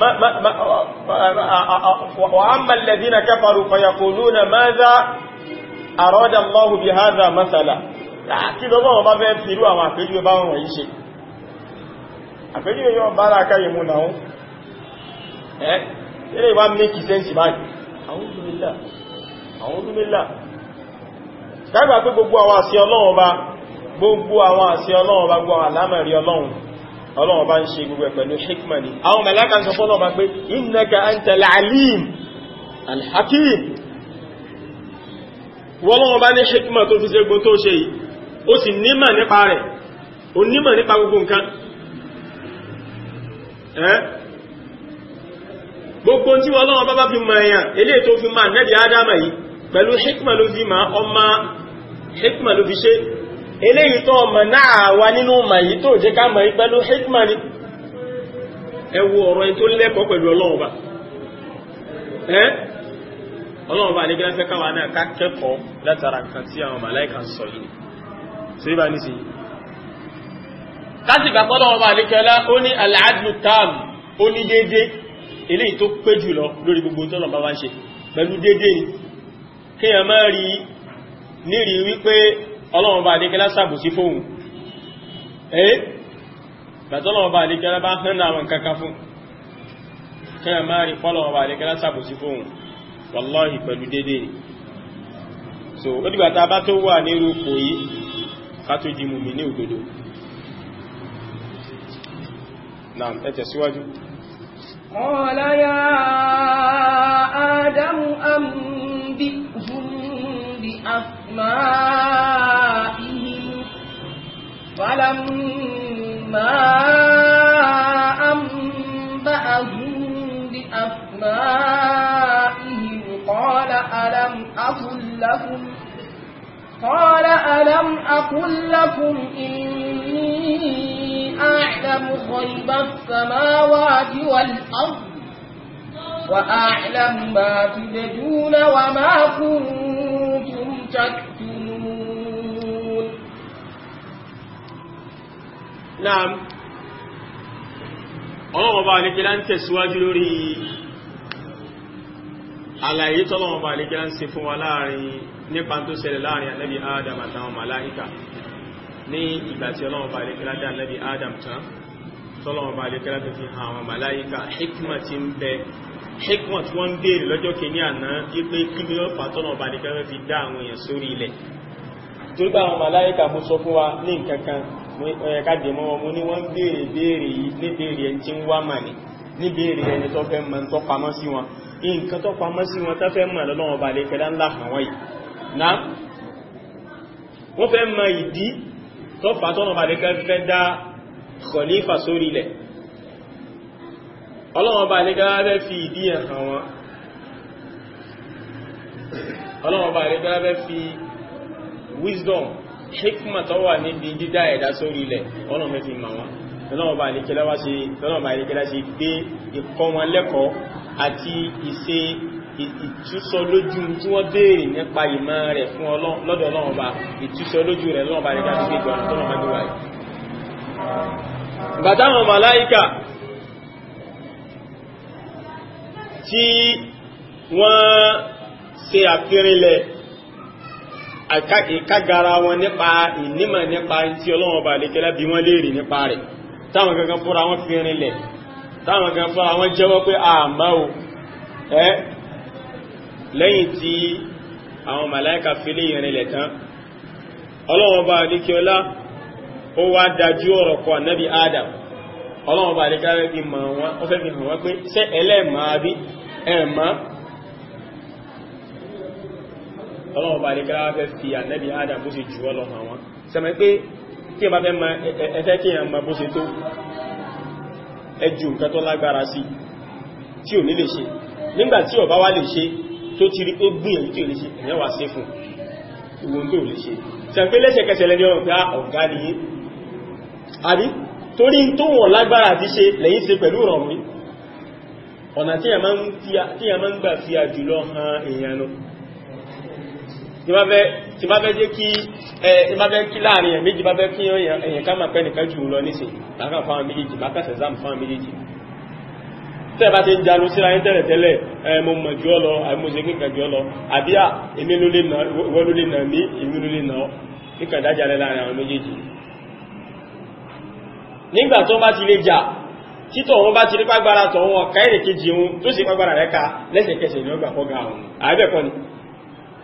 ما ما ما وأما الذين كفروا فيقولون ماذا أراد الله بهذا مثلا kí lọ́wọ́ ọba fẹ́ fi irú àwọn àpéjúwé bá wọn wọ̀nyí ṣe àpéjúwé yọ bára káyẹ mú náà ẹ́ ilé ìwá mẹ́kì sẹ́ǹsì báyìí àwọn olúmílà àwọn olúmílà ṣkágbà pé gbogbo àwọn àṣẹ Ọlọ́run ọba gbogbo ọlọ́run bá ń ṣe gbogbo pẹ̀lú hikma ni àwọn mẹ́láka sọ fọ́lọ́ bá pé innaka antal alim alhakim wọ́lọ́run bá ní hikma tó fi ṣe gbogbo tó ṣe yìí ó sì nímọ̀ nípa rẹ̀ ó nímọ̀ nípa gbogbo nǹkan gbogbo tí wọ́lọ́run eléyìí tó ọmọ náà wà nínú ọmọ yìí tó jẹ́ ká mọ̀ yí pẹ̀lú hikma ni ẹ wo ọ̀rọ̀ yìí tó lẹ́kọ̀ọ́ pẹ̀lú ọlọ́run bá ẹ́ ní káwa náà ká kẹ́kọ̀ọ́ látara nǹkan tí àwọn màláìka ń sọ yìí sí bá ní sí yìí kásìkà pọ́lọ́run bá ó ní gbogbo tọ́lọ̀ bá wá ń ṣe pẹ̀lú déédé ni ọlọ́run bá adékẹ́lá sàbòsí fóun ẹ́ bàtọ́lọ́run bá adékẹ́lá bá hàn àwọn kankan fún kẹ́yà máa rí pọ́lọ́run bá adékẹ́lá sàbòsí fóun wàláhì pẹ̀lú dédé so ó dìgbà a bá tó wà nírú pò yìí ká tó ní قال يا آدم أنبئهم بأسمائهم فلما أنبأهم بأسمائهم قال ألم أقل لهم قال ألم أقل لكم إني أعلم غيب السماوات والأرض وأعلم ما تبدون وما كنتم تكتمون نعم ọlọ́wọ́ bá alékẹ́lá ń tẹ̀síwájú lórí àlàyé tọ́lọ́wọ́ bá alékẹ́lá ń ṣe fún wa láàrin nípa tó ṣẹlẹ̀ láàrin ànábì adam àtàwọn màláìkà ní ìgbà tí ọlọ́run bá lè kíra dá adam tán tọ́lọ́run bá lè kíra tó fi hàn àwọn màláìkà hikma ti ń bẹ hikma tí wọ́n ń béèrè lọ́jọ́ kìíní àná wípé kí ni ó fà tọ́lọ́run bá lè kíra fi dá àwọn èèyàn sórí ilẹ̀ tó bá àwọn màláìkà mo sọ fún wa ní nǹkan kan ẹ̀ka dè mọ́ wọn tó pamọ́ sí wọn tó fẹ́ mọ̀ lọ́lọ́run bá lè ńlá hàn yìí náà wọ́n fẹ́ mọ ìdí tó fàtọ́nà bàdẹ́kẹ́ fẹ́ dá kọ̀lífà sórí ilẹ̀ ọlọ́wọ́n bàdẹ́kẹ́ fẹ́ fi ìdí ẹ̀ hàn wọn ọlọ́wọ́n bàdẹ́kẹ́ fẹ́ fi wisdom hikma tó wà níbi dídá ẹ̀dá sórí ilẹ̀ ọlọ́wọ́n fẹ́ fi mọ̀ wọn tọ́lọ́wọ́ bá ìlékẹ́lá wá sí tọ́lọ́wọ́ bá ìlékẹ́lá sí gbé ìkọ́ wọn lẹ́kọ̀ọ́ àti ìṣe ìtúsọ lójú tí wọ́n béèrè nípa ìmọ̀ rẹ̀ fún lọ́dọ̀ ọlọ́run ba ìtúsọ lójú rẹ̀ lọ́run ba rẹ̀ dájú pé ìjọba tó lọ́mọdé wáyé. bàtàwọn màláìkà tí wọ́n ṣe àfirinlẹ̀ ìkágara wọn nípa ìnímọ̀ nípa tí ọlọ́run ba lè kẹ́lá bí wọ́n léèrè nípa rẹ̀ táwọn gangan fúnra wọn fi rinlẹ̀ táwọn gangan fúnra wọn jẹ́wọ́ pé àmọ́ o ẹ́ lẹ́yìn tí àwọn màláíkà fílé ìrìnlẹ̀ tán ọlọ́wọ́n bá adékíọlá ó wá dájú ọ̀rọ̀ kọ ànábì adam ọlọ́wọ́n bá adékíọlá fi hàn wọ́n pé sẹ́ ẹlẹ́màá bí ẹ̀mà ọlọ́wọ́n bá adékíọlá fẹ́ fi ànábì adam bó ṣe jù ọlọ́wọ́n wọn sẹ́mẹ́ pé tí ẹmà fẹ́ kí ẹmà bó ṣe tó ẹjù nǹkan tó lágbára sí tí ò ní lè ṣe nígbà tí ó bá wá lè ṣe tó ti rí pé gbìyànjú tí ò lè ṣe èyàn wà sí fún ìwọ̀n tó lè ṣe ṣẹ̀pẹ́ lẹ́sẹ̀kẹsẹ̀ lẹ́ni ọ̀rọ̀ ah, ọ̀gá ni yí àbí torí tó wọ̀n lágbára àti ṣe lẹ́yìn ṣe pẹ̀lú rọrùn ọ̀nà tí a máa ń gbà fi àjùlọ han èèyàn lọ tí bá fẹ́ jẹ́ kí láàrin ẹ̀ méjì bá fẹ́ kí èèyàn ká máa pẹ́ nìkan jù lọ nísìn láàrín fáwọn méjì bá kàṣẹ̀ tẹ́ bá ti ń janu síra yín tẹ́lẹ̀ tẹ́lẹ̀ mo mọ̀ jù ọ lọ mo ṣe kíkà jù ọ lọ àbí à èmi ló lè nà ìwọ ló lè nà mí èmi ló lè nà ọ kíkà dájà rẹ láàrin àwọn méjèèjì nígbà tó bá ti lè jà títọ̀ wọn bá ti rí pàgbára tọ̀ wọn ọ̀ká kejì wọn tó sì pàgbára rẹ̀ ka lẹ́sẹ̀kẹsẹ̀ ni ó gbà fọ́gá ọ̀hún àbẹ́ẹ̀kọ́ ni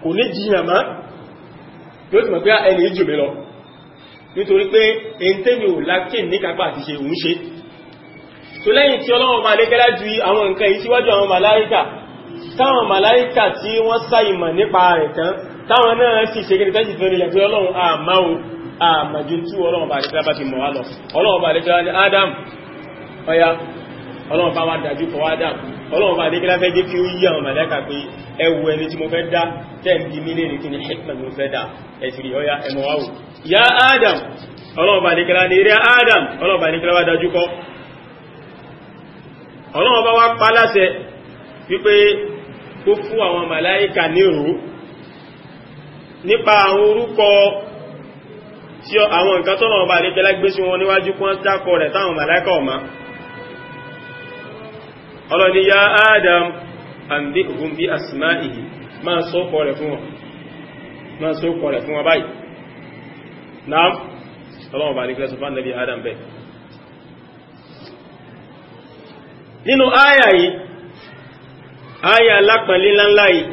kò ní jiyàn má yóò ti mọ̀ pé ẹni ìjù mi lọ nítorí pé èyí tẹ́mi ò lákè ní kápá àti ṣe òun ṣe tó lẹ́yìn tí ọlọ́run bá lékẹ́lá ju àwọn nǹkan yìí síwájú àwọn màláíkà táwọn màláíkà tí wọ́n sá ìmọ̀ nípa rẹ̀ tán táwọn náà sì ṣe gẹ́gẹ́ tẹ́jì fẹ́rẹ̀ yàtọ̀ ọlọ́run àmá o àmàjú tí ọlọ́run bá lékẹ́lá bá ti mọ̀ wá lọ ọlọ́run bá lékẹ́lá ní Adam ọya ọlọ́run bá wá dájú kọ Adam ọlọ́run bá lékẹ́lá fẹ́ jẹ́ kí ó yí àwọn màláíkà pé ẹwù ẹni tí mo fẹ́ dá tẹ́ǹdì mílé ní kíni hikman mo fẹ́ dá ẹ̀sìrì ọya ẹmọ wá o ya Adam ọlọ́run bá lékẹ́lá ní eré Adam ọlọ́run bá lékẹ́lá wá dájú kọ ọlọ́wọ́ bá wá paláṣẹ wípé kó fún àwọn màláíkà nírò nípa àwọn orúkọ tí àwọn nǹkan tọ́nà ọba àríkẹ́lá gbé sí wọn níwájú kún dákọ rẹ̀ táwọn màláíkà ọ̀má ọlọ́ni ya Adam àǹdí ògùn bí àsìmá ìhì máa sọ́kọ rẹ̀ fún wọn máa sọ́kọ rẹ̀ fún wọn báyìí náà ọlọ́wọ́ ọba àríkẹ́lá sọ fún Adam bẹ́ẹ̀ nínú àyà yìí àyà lápẹ̀lẹ́ ńláńlá yìí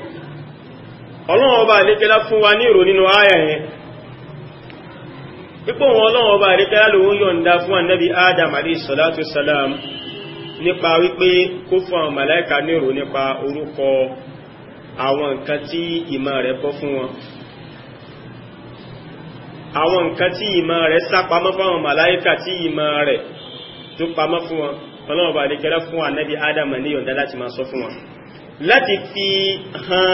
ọba àlékẹ́lá fún wa ní ìrò nínú àyà yẹn pípò wọn ọlọ́run ọba àlékẹ́lá lòun yọ̀ǹda fún annabi Adam alayhi salam nípa wípé kó fún àwọn ní nípa orúkọ àwọn nǹkan tí ìmọ̀ rẹ̀ fún wọn àwọn nǹkan tí ìmọ̀ rẹ̀ sápamọ́ fáwọn tí ìmọ̀ rẹ̀ tó pamọ́ fún wọn ọlọ́wọ́ bá lè kẹrẹ fún ànábì adam ní yọ̀ǹda láti máa sọ fún wọn láti fi hàn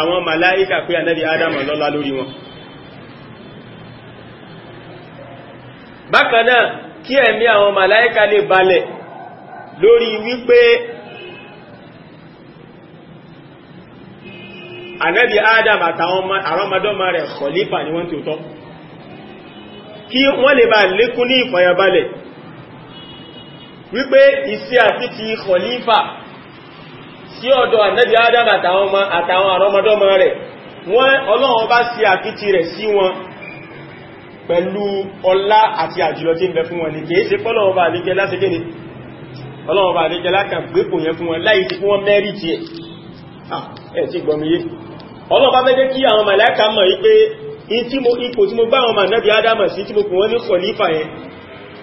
àwọn màláíkà pé ànábì adam lọ́lá lórí wọn bákan náà kí ẹ̀mí àwọn màláíkà lè balẹ̀ lórí wípé ànábì adam àtàwọn àrọ́mọdọ́mọ rẹ̀ khalifa ni wọ́n tí ó tọ́ kí wọ́n lè bá lékún ní ìfọ̀yàbalẹ̀ wípé ìsí àti ti khalifa sí ọ̀dọ̀ ànábì adam àtàwọn àrọmọdọ́mọ rẹ̀ wọ́n ọlọ́run bá sí àkítì rẹ̀ sí wọn pẹ̀lú ọlá àti àjùlọ tí ń bẹ fún wọn ní kìí ṣe pọ́lọ́run bá àríkẹ́ láti kéde ọlọ́run bá àríkẹ́ lákà gbépò yẹn fún wọn láì ti fún wọn mẹ́rìtì ah, ẹ̀ ti gbọmiyé ọlọ́run bá fẹ́ kí àwọn màláìka mọ̀ wípé ipò tí mo bá àwọn mànábì adam sí tí mo kù wọ́n ní khalifa yẹn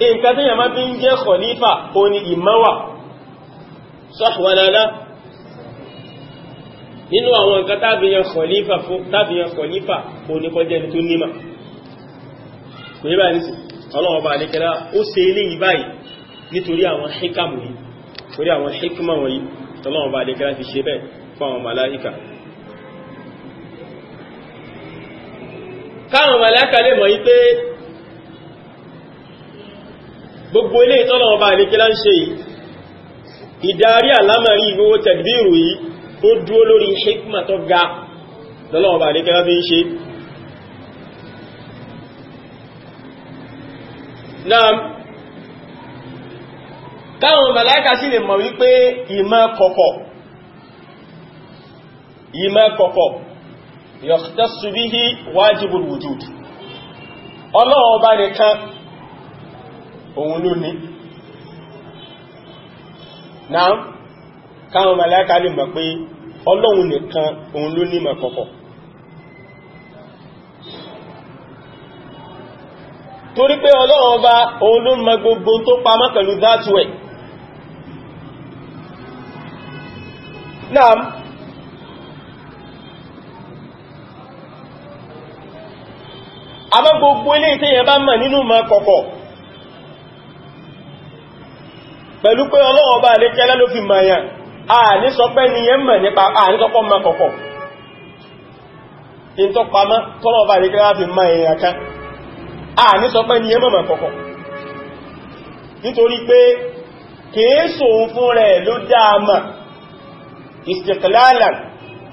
nǹkan tí yàmá bí ń jẹ́ kọ̀lífà o ni ìmáwà sọ́fúnwàlálá nínú àwọn nǹkan tábìyàn kọ̀lífà fún tábìyàn kọ̀lífà o ní kọjẹ́ ní tó nímà kò yí báyìí sí ọlọ́ọ̀bà àdékẹ́lá ó ṣe ilé ìbáyìí nítorí àwọn hikamu yìí torí àwọn hikima wọ̀nyí ọlọ́ọ̀bà àdékẹ́lá fi ṣe bẹ́ẹ̀ fún àwọn màláíkà káwọn màláíkà lè mọ̀ yí pé gbogbo ilé ìtọ́nà ọba àríkílá ń ṣe ìdarí àlámàrí ìwówó tẹ̀gbìrù yìí tó dúó lórí hikma tó ga lọ́nà ọba àríkílá fi ń ṣe náà káwọn màláíkà sí lè mọ̀ wípé ìmọ̀ kọ̀kọ̀ ìmọ̀ kọ̀kọ̀ yọ̀tẹ́sù bihi wájibul wujud ọlọ́ọ̀ba nìkan òun ló ní náà káwọn màláíkà lè mọ̀ pé ọlọ́run nìkan òun ló ní mọ̀ torí pé ọlọ́run ọba òun ló gbogbo tó pamọ́ pẹ̀lú dátù náà àmọ́ gbogbo ilé ìtẹ́yẹ bá mọ̀ nínú pẹ̀lú pé ọlọ́wọ́ bá lè kẹ́lẹ́ ló fi mayan a ní sọ pé ní yẹn mẹ̀ nípa a ní sọpọ̀ ma kọ̀kọ̀ in tó pamọ́ tọ́lọ́wọ́ bá lè kẹ́lẹ́ fi mayan aka a ní sọ pé ní yẹn mọ̀ kọ̀kọ̀ nítorí pé kèésò fún rẹ̀ ló dáama istiklalan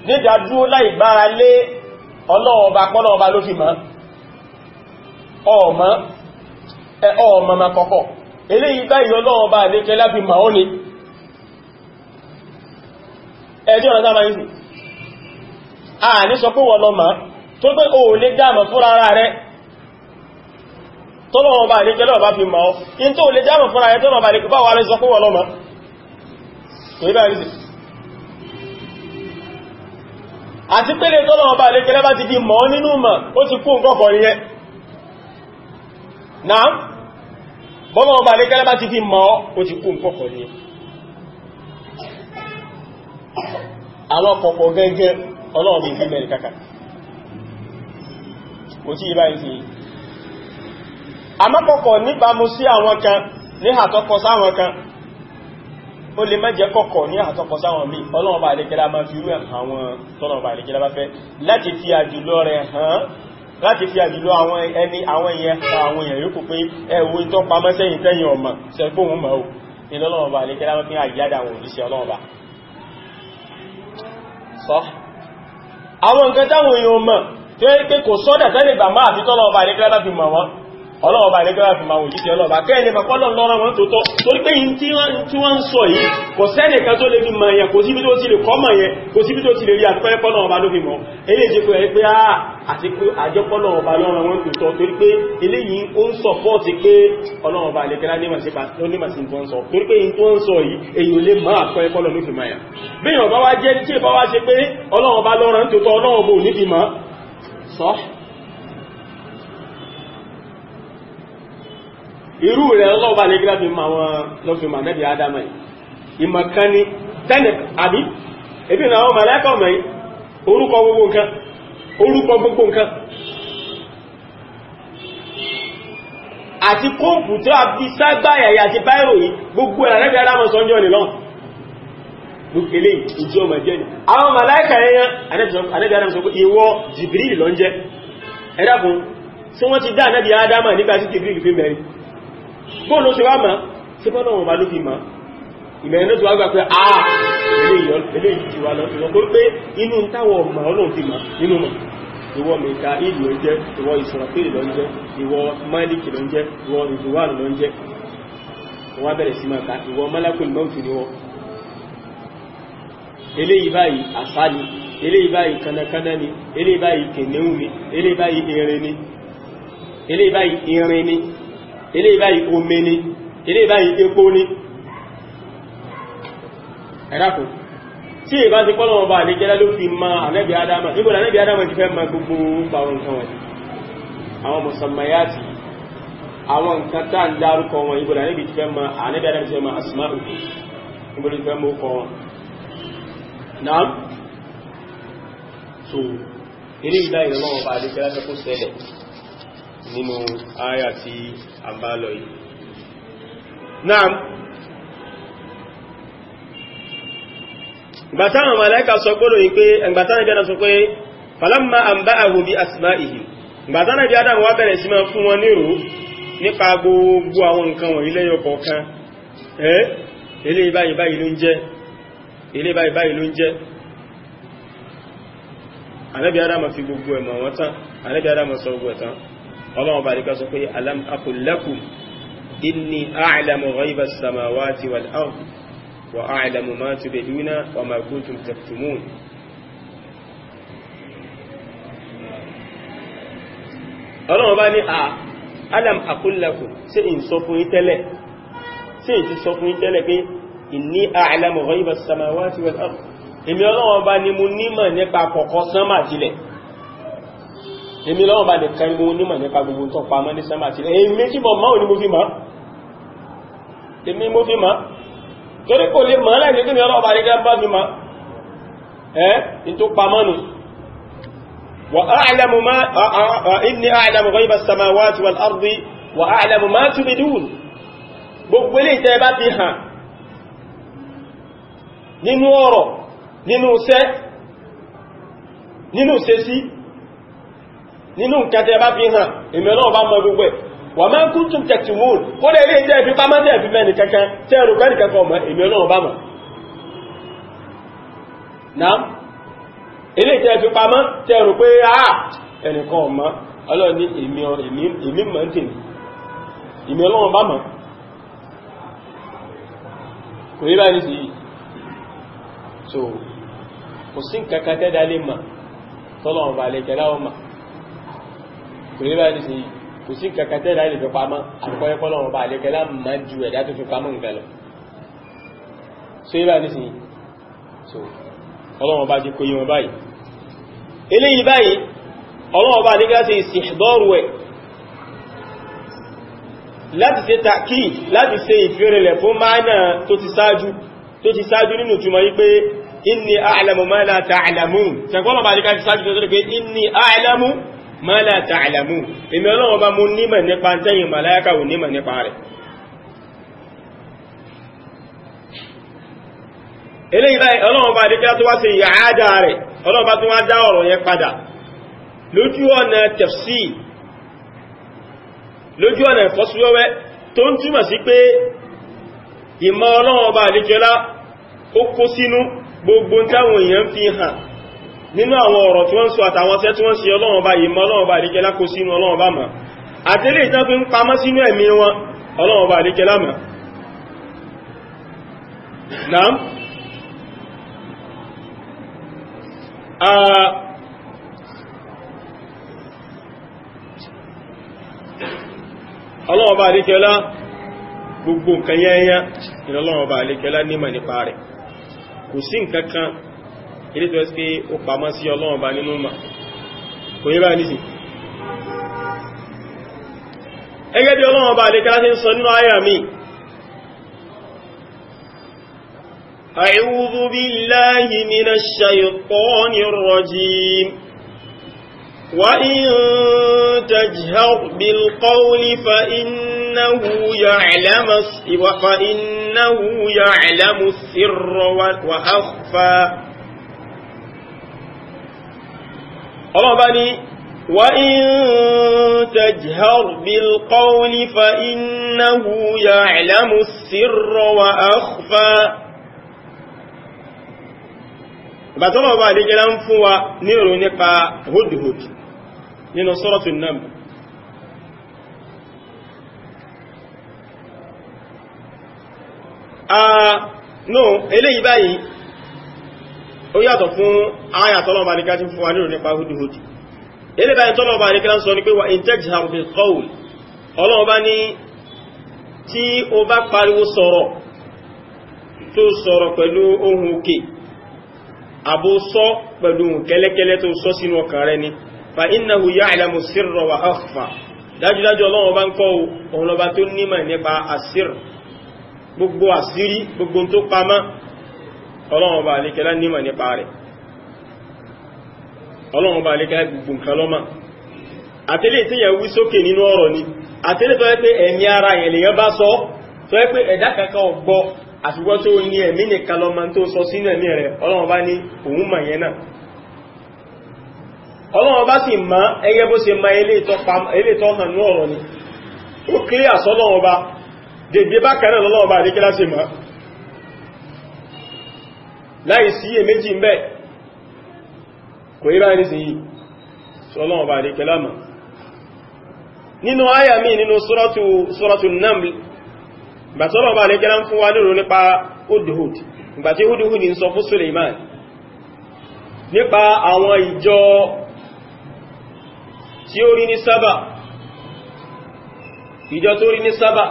nídà dúró láì bára lé ọlọ́wọ́ bá ló fi ma ọmọ ọmọ ma kọ̀kọ̀ eléyìí báyìí ọlọ́wọ́ bá lékẹ́ láti ma ó ní ẹjọ́ ọ̀nà dáma yìí a ní sọ pé wọ́n lọ ma tó pé o lè dáma fúnra ara rẹ tọ́lọ́wọ́ bá lékẹ́ lọ́wọ́ bá fi ma ó in tó lè dáma fúnra rẹ tọ́lọ́wọ́ bá lékẹ́ báwà rẹ sọ pé wọ́n lọ ma àti pé lè tọ́lọ́wọ́ bá lékẹ́ lẹ́bá ti di mọ́ nínú mọ̀ ó ti kú nǹkan kọ̀ nìyẹn náà bọ́lọ̀ ọba alékẹ́lẹ́ bá ti fi mọ́ o ti kú nǹkan kọ̀ọ̀lẹ́ àwọn ọ̀pọ̀pọ̀ gẹ́gẹ́ ọlọ́ọ̀dún fi mẹ́rin kàkà kò tí ibá ìsìn àmọ́kọ̀kọ̀ níbàmú sí àwọn kan ní àtọ́kọ sáwọn kan o lè má kọ̀kọ̀ ní àtọ́kọ sáwọn fi rú láti fi àjùlọ àwọn ẹni àwọn èèyàn pa àwọn èèyàn yóò kò pé ẹwọ tó pamọ́ sẹ́yìn tẹ́yìn ọmọ sẹ́gbóhun mọ́ ìlọ́lọ́wọ́ bá lè kẹ́lá wọ́n fi àjíádà àwọn òjíṣẹ́ ọlọ́wọ́ bá sọ́ àwọn nǹkan táwọn èèyàn mọ̀ tó yẹ pé kò sọ́dà tẹ́lẹ̀ gbà máa fi tọ́lọ́wọ́ bá lè kẹ́lá fi mọ̀ wọ́n ọlọ́wọ́ bá lẹ́gbẹ́ láti máa òjíṣẹ́ ọlọ́wọ́ bá kẹ́ẹ̀lẹ́ bá pọ́lọ̀ lọ́rọ̀ wọn tó tọ́ torí pé yìí tí wọ́n ń sọ yìí kò sẹ́nìkan tó lè fi mọ̀ yẹn kò síbí tó ti lè kọ́ mọ̀ yẹn kò síbí tó ti lè rí àtúpẹ́ pọ́lọ̀ ọba ló fi mọ̀ eléyìí pé pé ah, àti pé àjọ pọ́lọ̀ ọba lọ́rọ̀ wọn tó tọ́ torí pé eléyìí ó ń sọ pọ́ ti pé ọlọ́wọ́ bá lẹ́gbẹ́ láti máa sí tó ń sọ torí pé yìí tó ń sọ yìí èyí ò lè mọ́ àtúpẹ́ pọ́lọ̀ ló fi mọ̀ yẹn bí yàn bá wá jẹ́ tí irú rẹ̀ ọlọ́ọ̀bá ní gíláàbí ma wọn lọ́fíìmà nẹ́bí adama ìmọ̀kaní tẹ́nì àbí ebi na àwọn mẹ́lẹ́kọ̀ mẹ́ orúkọ gbogbo nǹkan orúkọ gbogbo nǹkan àti kóòpù àti yìí gbogbo ẹ̀rẹ́ nẹ́bí adama sọ́njọ́ nìlọ́n lókèlè ìjọ mẹ́jẹ́ ni àwọn mẹ́lẹ́kọ̀ ẹ̀yàn anẹ́bí adama sọ pé ìwọ Jibril lọ́njẹ́ ẹ̀dàkùn tí wọ́n ti dá anẹ́bí adama nígbà tí fi mẹ́rin bóò ló ṣe wá mọ́ ṣe bọ́ lọ́wọ́ ma ló fi mọ́ ìmẹ̀rin ló ti wá gbà pé àà ah, eléyìí ti wá lọ ṣùgbọ́n tó pé inú táwọn ọmọ ọlọ́run ti mọ́ nínú mọ́ ìwọ mẹ́ta ìlú ló ń jẹ́ ìwọ ìsọ̀rọ̀fẹ́lì ló ń jẹ́ ìwọ máìlìkì ló ń jẹ́ ni wọ́n eléyìí báyìí àṣà ni eléyìí báyìí kanakana ni eléyìí irin ni ilé ìbáyìí omi ni ilé ìbáyìí epo ni ẹ̀dàkùn tí ìbá ti pọ́lọ̀ ọba àdíjẹ́lá ló fi ma ànẹ́bì adama níbo ànẹ́bì adama ti fẹ́ ma gbogbo pàwọn nǹkan wọ̀nyí àwọn musammayati àwọn nǹkan tá ń dárúkọ wọn níbo ànẹ́bì ti fẹ́ ma ànẹ́bì adama ti fẹ́ ma asma òkú níbo ti fẹ́ ma ó so ilé ìbá ìrọ̀lọ́wọ̀ ọba àdíjẹ́lá fẹ́ kó ṣẹlẹ̀ nínú àyà tí a bá lọ yìí náà gbàtà àwọn màláíkà sọ gbọ́nà yìí pé ẹgbàtà náà jẹ́nà sọ pé falamma anba'ahu bi asma'ihim gbàtà náà bí adam wá bẹ̀rẹ̀ sí máa fún wọn nírò nípa gbogbo àwọn nǹkan wọ̀nyí lẹ́yọ kọ̀ọ̀kan ẹ́ ilé báyìí báyìí ló ń fi gbogbo ẹ̀mọ̀ wọn tán ànábì adam sọ gbogbo ẹ̀tán ọlọ́run bá díkà sọ pé alam aqul lakum inni a'lamu ghaiba samawati wal ardi wa a'lamu ma tubduna wa ma kuntum taktumun ọlọ́run bá ní alam aqul lakum sí in sọ fún yín tẹ́lẹ̀ sí in ti sọ fún yín pé inni a'lamu ghaiba samawati wal ardi èmi èmi lọ́wọ́ bá nìkan ní mo nímọ̀ nípa gbogbo tó pamọ́ ní sẹ́mà tí èmi tí bọ̀ máa ò ní mo fi mọ́ èmi mo fi mọ́ torí kò lè mọ́ láì nígbìmí ọlọ́wọ́ bá nìkan bá fi mọ́ ẹ́ ní tó pamọ́ nù wa a'lamu ma inni a'lamu ghaiba sí nínú nǹkan tẹ́ bá fi hàn ìmẹ̀rọ ọba mọ gbogbo ẹ̀ wà máa kú tún tẹ̀tù mún kó lè rí ìjẹ́ ìfipá kankan tẹ́ ẹ̀rù pẹ́ nìkankan mọ̀ ìmẹ̀rọ ọba mọ̀ náà ilé tẹ́ ẹ̀rù pé àà ẹnìkan ọmọ ọlọ́ni èmi so tọ́lọ̀ kò ní báyìí sí kò sí kankan tẹ́lá ilẹ̀ fi pamọ́ àkọ́ ẹ̀kọ́ lọ́wọ́ bá àlẹ́kẹ́ lá máa ju ẹ̀dá tó fi pamọ́ nǹkan lọ so yí báyìí sí so ọlọ́wọ́ bá ti kó yí wọn báyìí eléyìí báyìí ọlọ́wọ́ bá àlẹ́kẹ́ láti ìsìndọ́rù ẹ̀ láti ṣe tàkì láti ṣe ìfẹ́rẹ̀lẹ̀ fún máàna tó ti ṣáájú tó ti ṣáájú nínú túmọ̀ yí pé inni a'lamu ma la ta'lamun bá àlẹ́kẹ́ láti ṣáájú tó ti ma la ta'lamun èmi ọlọ́run bá mú nímọ̀ nípa tẹ́yìn màláyákà ò nímọ̀ nípa rẹ̀ eléyìí báyìí ọlọ́run bá adékẹ́ tó wá sí ìyà áádá rẹ̀ ọlọ́run bá tó wá dá ọ̀rọ̀ yẹn padà lójú ọ̀nà tafsir lójú ọ̀nà ìfọ́síwẹ́wẹ́ tó ń nínú àwọn ọ̀rọ̀ tí wọ́n sọ àtàwọn tẹ́ tí wọ́n sí ọlọ́run bá yìí mọ́ ọlọ́run bá àríkẹ́ lákó sínú ọlọ́run bá mọ̀ àtẹ́lẹ̀ ìtàn ń pamọ́ sínú ẹ̀mí wọn ọlọ́run bá gbogbo kò sí nǹkan ilé tó ẹ́sì pé ó pàmọ́ sí ọlọ́run bá nínú ma kò yí bá ní sí ẹgẹ́ bí ọlọ́run bá lè káàkiri sọ nínú ayà mi أعوذ بالله من الشيطان الرجيم وإن تجهر بالقول فإنه يعلم ọlọ́ọ̀bá ní wa in tajhar bil qawli fa innahu ya'lamu sirra wa akhfa bàtọ́lọ̀ọ̀bá àdíjẹ́lá ń fún wa ní ọ̀rọ̀ nípa hudhud nínú suratul naml ah no eléyìí báyìí ó yàtọ̀ fún ayàtọ́lọ́bà ní kájí fún wa nílò nípa húdìhúdì ilé báyìí tọ́lọ́bà ní kájí sọ ní pé wà in tajhar bil qawl ọlọ́ọ̀bá ní tí ó bá pariwo sọ̀rọ̀ tó sọ̀rọ̀ pẹ̀lú ohun òkè àbó sọ pẹ̀lú kẹ́lẹ́kẹ́lẹ́ tó sọ sínú ọkàn ọlọ́run bá alékẹ́lá nímọ̀ nípa rẹ̀ ọlọ́run bá gbogbo nǹkan lọ́mà àtẹ́lẹ̀ tí ni àtẹ́lẹ̀ tó yẹ pé ẹ̀mí ara yẹn lèyàn bá sọ tó yẹ pé ẹ̀dá kankan ọgbọ́ àṣùgbọ́ tó ní ẹ̀mí nìkan lọ́mà tó sọ sínú ẹ̀mí láì sí èméjì ń bẹ kò yíra ní sí yìí ṣọ́lọ́wọ́ bá rí kẹlámà nínú àyà mi nínú suratu suratu Naml bàtọ́lọ́ bá rí kẹlám fún wa lórí nípa Hudhud ìgbàtí Hudhud ń sọ fún Suleiman nípa àwọn ìjọ tí ó rí ní Sábà ìjọ tó rí ní Sábà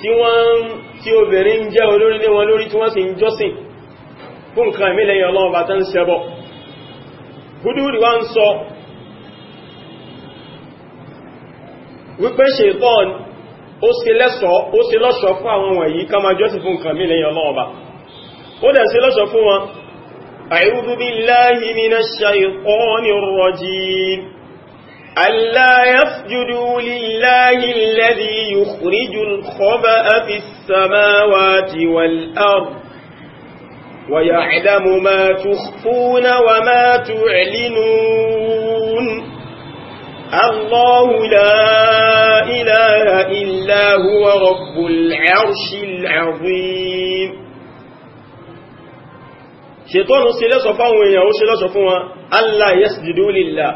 tí wọ́n tí obìnrin jẹ́ olórí lé wọn lórí tí wọ́n sì ń jọ́sìn fún nǹkan ẹ̀mí lẹ́yìn ọlọ́run bá tán sẹ́bọ̀ gúdúrì wá ń sọ wípé ṣètọ́n ó ṣe lẹ́ṣọ́ ó ṣe lọ́ṣọ́ fún àwọn wọ̀nyí ká máa jọ́sìn fún nǹkan mí lẹ́yìn ó dẹ̀ ṣe lọ́ṣọ́ fún wọn السماوات والأرض ويعلم ما تخفون وما تعلنون الله لا إله إلا هو رب العرش العظيم ṣètọ́nù sí lẹ́sọ fáwọn èèyàn ó ṣe lọ́sọ fún wọn Allah yasjudu lillah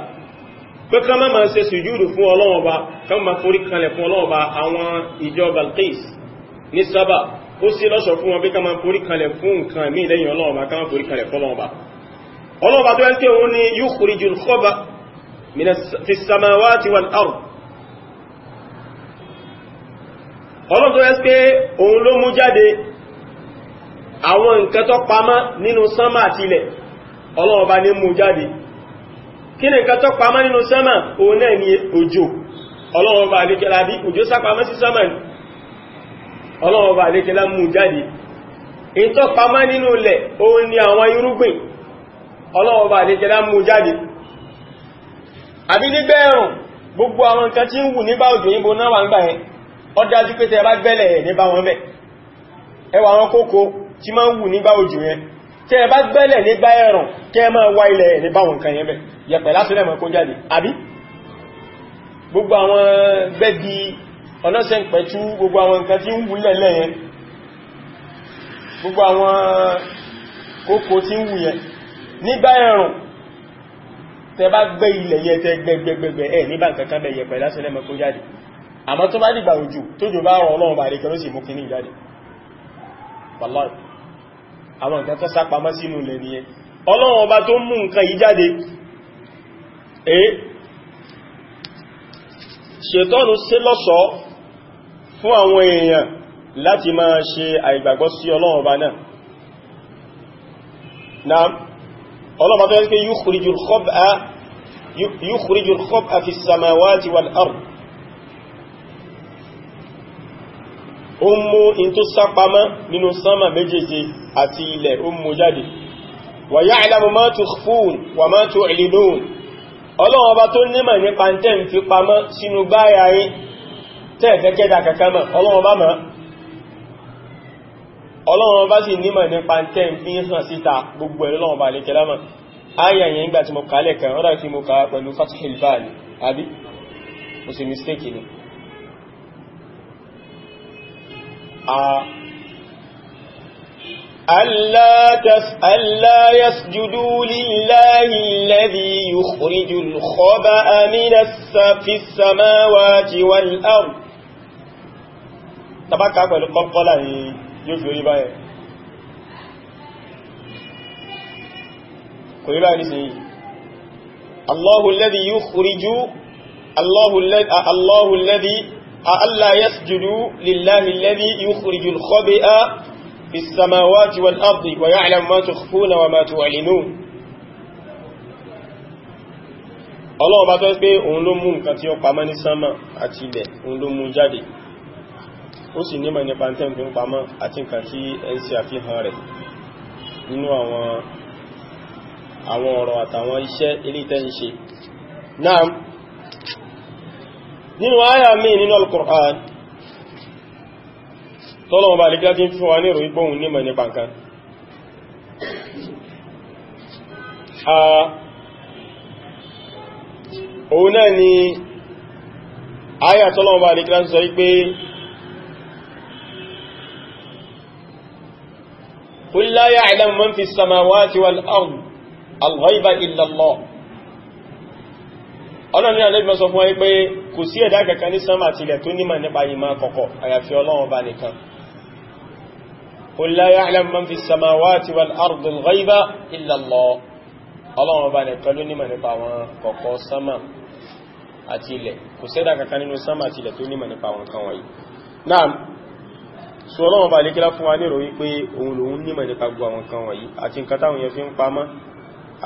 pé ká má máa ṣe sùjúdù fún Ọlọ́hun Ọba ká má forí kanlẹ̀ fún Ọlọ́hun àwọn ìjọ Balqis ní Sábà ó sí lọ́ṣọ̀ fún wọn pé ká máa forí kalẹ̀ fún nǹkan mí lẹ́yìn ọlọ́ọ̀bá ká máa forí kalẹ̀ fọ́lọ́ọ̀bá ọlọ́ọ̀bá tó yẹn tí òun ni yukhrijul khab'a fis samawati wal ard ọlọ́ọ̀bá tó yẹn pé òun ló mú jáde ọlọ́ọ̀bá ní mú ni nǹkan tó pamọ́ nínú sánmà òun náà ni òjò ọlọ́ọ̀bá sápamọ́ sí sánmà ọlọ́wọ́ bá lékẹlá mú jáde in tó pamá nínú ilẹ̀ òun ni àwọn irúgbìn ọlọ́wọ́ bá lékẹlá mú jáde àbí nígbẹ́ ẹ̀rùn gbogbo àwọn nǹkan tí ń wù nígbà òjò yìnbó náà wà ń gbà yẹn ó dájú pé tẹ́ bá gbẹ́lẹ̀ níbà wọn bẹ̀ ẹwà àwọn kókó tí máa ń wù nígbà òjò yẹn tẹ́ bá gbẹ́lẹ̀ nígbà ẹ̀rùn kẹ́ máa wá ilẹ̀ níbà wọn kan yẹn bẹ̀ gbogbo àwọn bẹ́ẹ̀ ọlọ́sẹ̀ ń pẹ̀tú gbogbo àwọn nǹkan tí ń wù lẹ́lẹ́ yẹn gbogbo àwọn kókó tí ń wù yẹn nígbà ẹ̀rùn tẹ bá gbẹ́ ilẹ̀ yẹ tẹ gbẹgbẹgbẹ ẹ̀ nígbà kankan bẹ̀ yẹpẹ̀ lásẹ̀lẹ̀ mọ́ kó jáde àmọ́ tó bá dìgbà òjò tó jò bá rọ̀ ọlọ́run bá rí kẹ́ ló sì mú kí ní ìjáde wallahi àwọn nǹkan tó sápamọ́ sínú ilẹ̀ nìyẹn ọlọ́run ọba tó mú nǹkan yìí jáde èé ṣètọ́nù sí lọ́sọ̀ọ́ fún àwọn èèyàn láti máa ṣe àìgbàgbọ́ sí ọlọ́run ọba náà na ọlọ́run ọba tó yẹ pé yukhrijul khab'a yukhrijul khab'a fis samawati wal ard ó mú in tó sápamọ́ nínú sánmà méjèèjì àti ilẹ̀ ó mú jáde wa ya'lamu ma tukhfun wa ma tu'linun ọlọ́run ọba tó nímọ̀ nípa tẹ́ fi pamọ́ sínú báyà tẹ́ẹ̀fẹ́kẹ́dà kankan mọ̀ ọlọ́run bá mọ̀ ọlọ́run bá sì nímọ̀ nípa tẹ́ ń fi hàn síta gbogbo ẹ̀rọ bá lè kẹ́lá mọ̀ ayà yẹn gbà tí mo kàálẹ̀ يسجدوا لله الذي يخرج الخبأ من السف السماوات والأرض tabaka pẹ̀lú kọ́kọ́lá ni yóò fi orí báyẹ̀ kò rí báyẹ̀ nísìnyí Allahu alladhi yukhriju Allahu alladhi alla yasjudu lillahi alladhi yukhriju al-khaba'a fi as-samawati wal-ardi wa ya'lamu ma tukhfuna wa ma tu'linun Ọlọ́run bá tó ó sì nímọ̀ nípa tẹ́ fi ń pamọ́ àti nǹkan tí ẹ ń ṣe àfihàn rẹ̀ nínú àwọn àwọn ọ̀rọ̀ àtàwọn iṣẹ́ eléyìí ń náà nínú àyà míì nínú al-Qur'an tọ́lọ̀wọ̀n bá lẹ́gbẹ́ tí ń fún wa ní ìròyìn pọ̀hùn nímọ̀ nípa nǹkan قل لا يعلم من في السماوات والأرض الغيب إلا الله ọlọ́run ní àlẹ́bí sọ fún wa kò sí ẹ̀dá kankan ní sánmà tilẹ̀ tó nímọ̀ nípa ìmọ̀ kọ̀kọ̀ àyàfi ọlọ́run bá nìkan قل لا يعلم من في السماوات والأرض الغيب إلا الله so ọlọ́wọ́n bá lékílá fún wa nírò wípé òun lòun nímọ̀ nípa gbogbo àwọn nǹkan wọ̀nyí àti nǹkan táwọn èèyàn fi ń pamọ́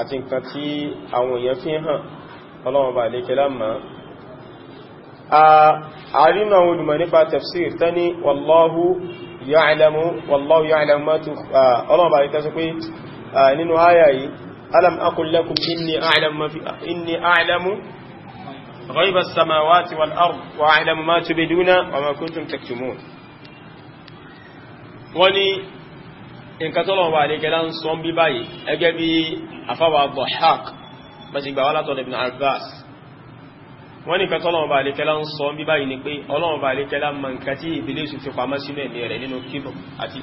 àti nǹkan tí àwọn èèyàn fi ń hàn ọlọ́wọ́n bá lékílá mọ́ àrínà àwọn olùmọ̀ nípa tafsir tẹ́ni wallahu ya'lamu ما تبدون وما كنتم تكتمون wọ́n ní nǹkan tó lọ́wọ́ àdékẹ́lá ń sọ bí báyìí ẹgẹ́ bí afáwà Dhahhak mẹ́sìgbà wá látọ̀dọ̀ Ibn Abbas wọ́n ní nǹkan tó lọ́wọ́ àdékẹ́lá ń sọ bí báyìí ni pé ọlọ́wọ́ àdékẹ́lá mọ nǹkan tí Ìbílísì fi pamọ́ sínú ẹ̀mí rẹ̀ nínú kíbù àti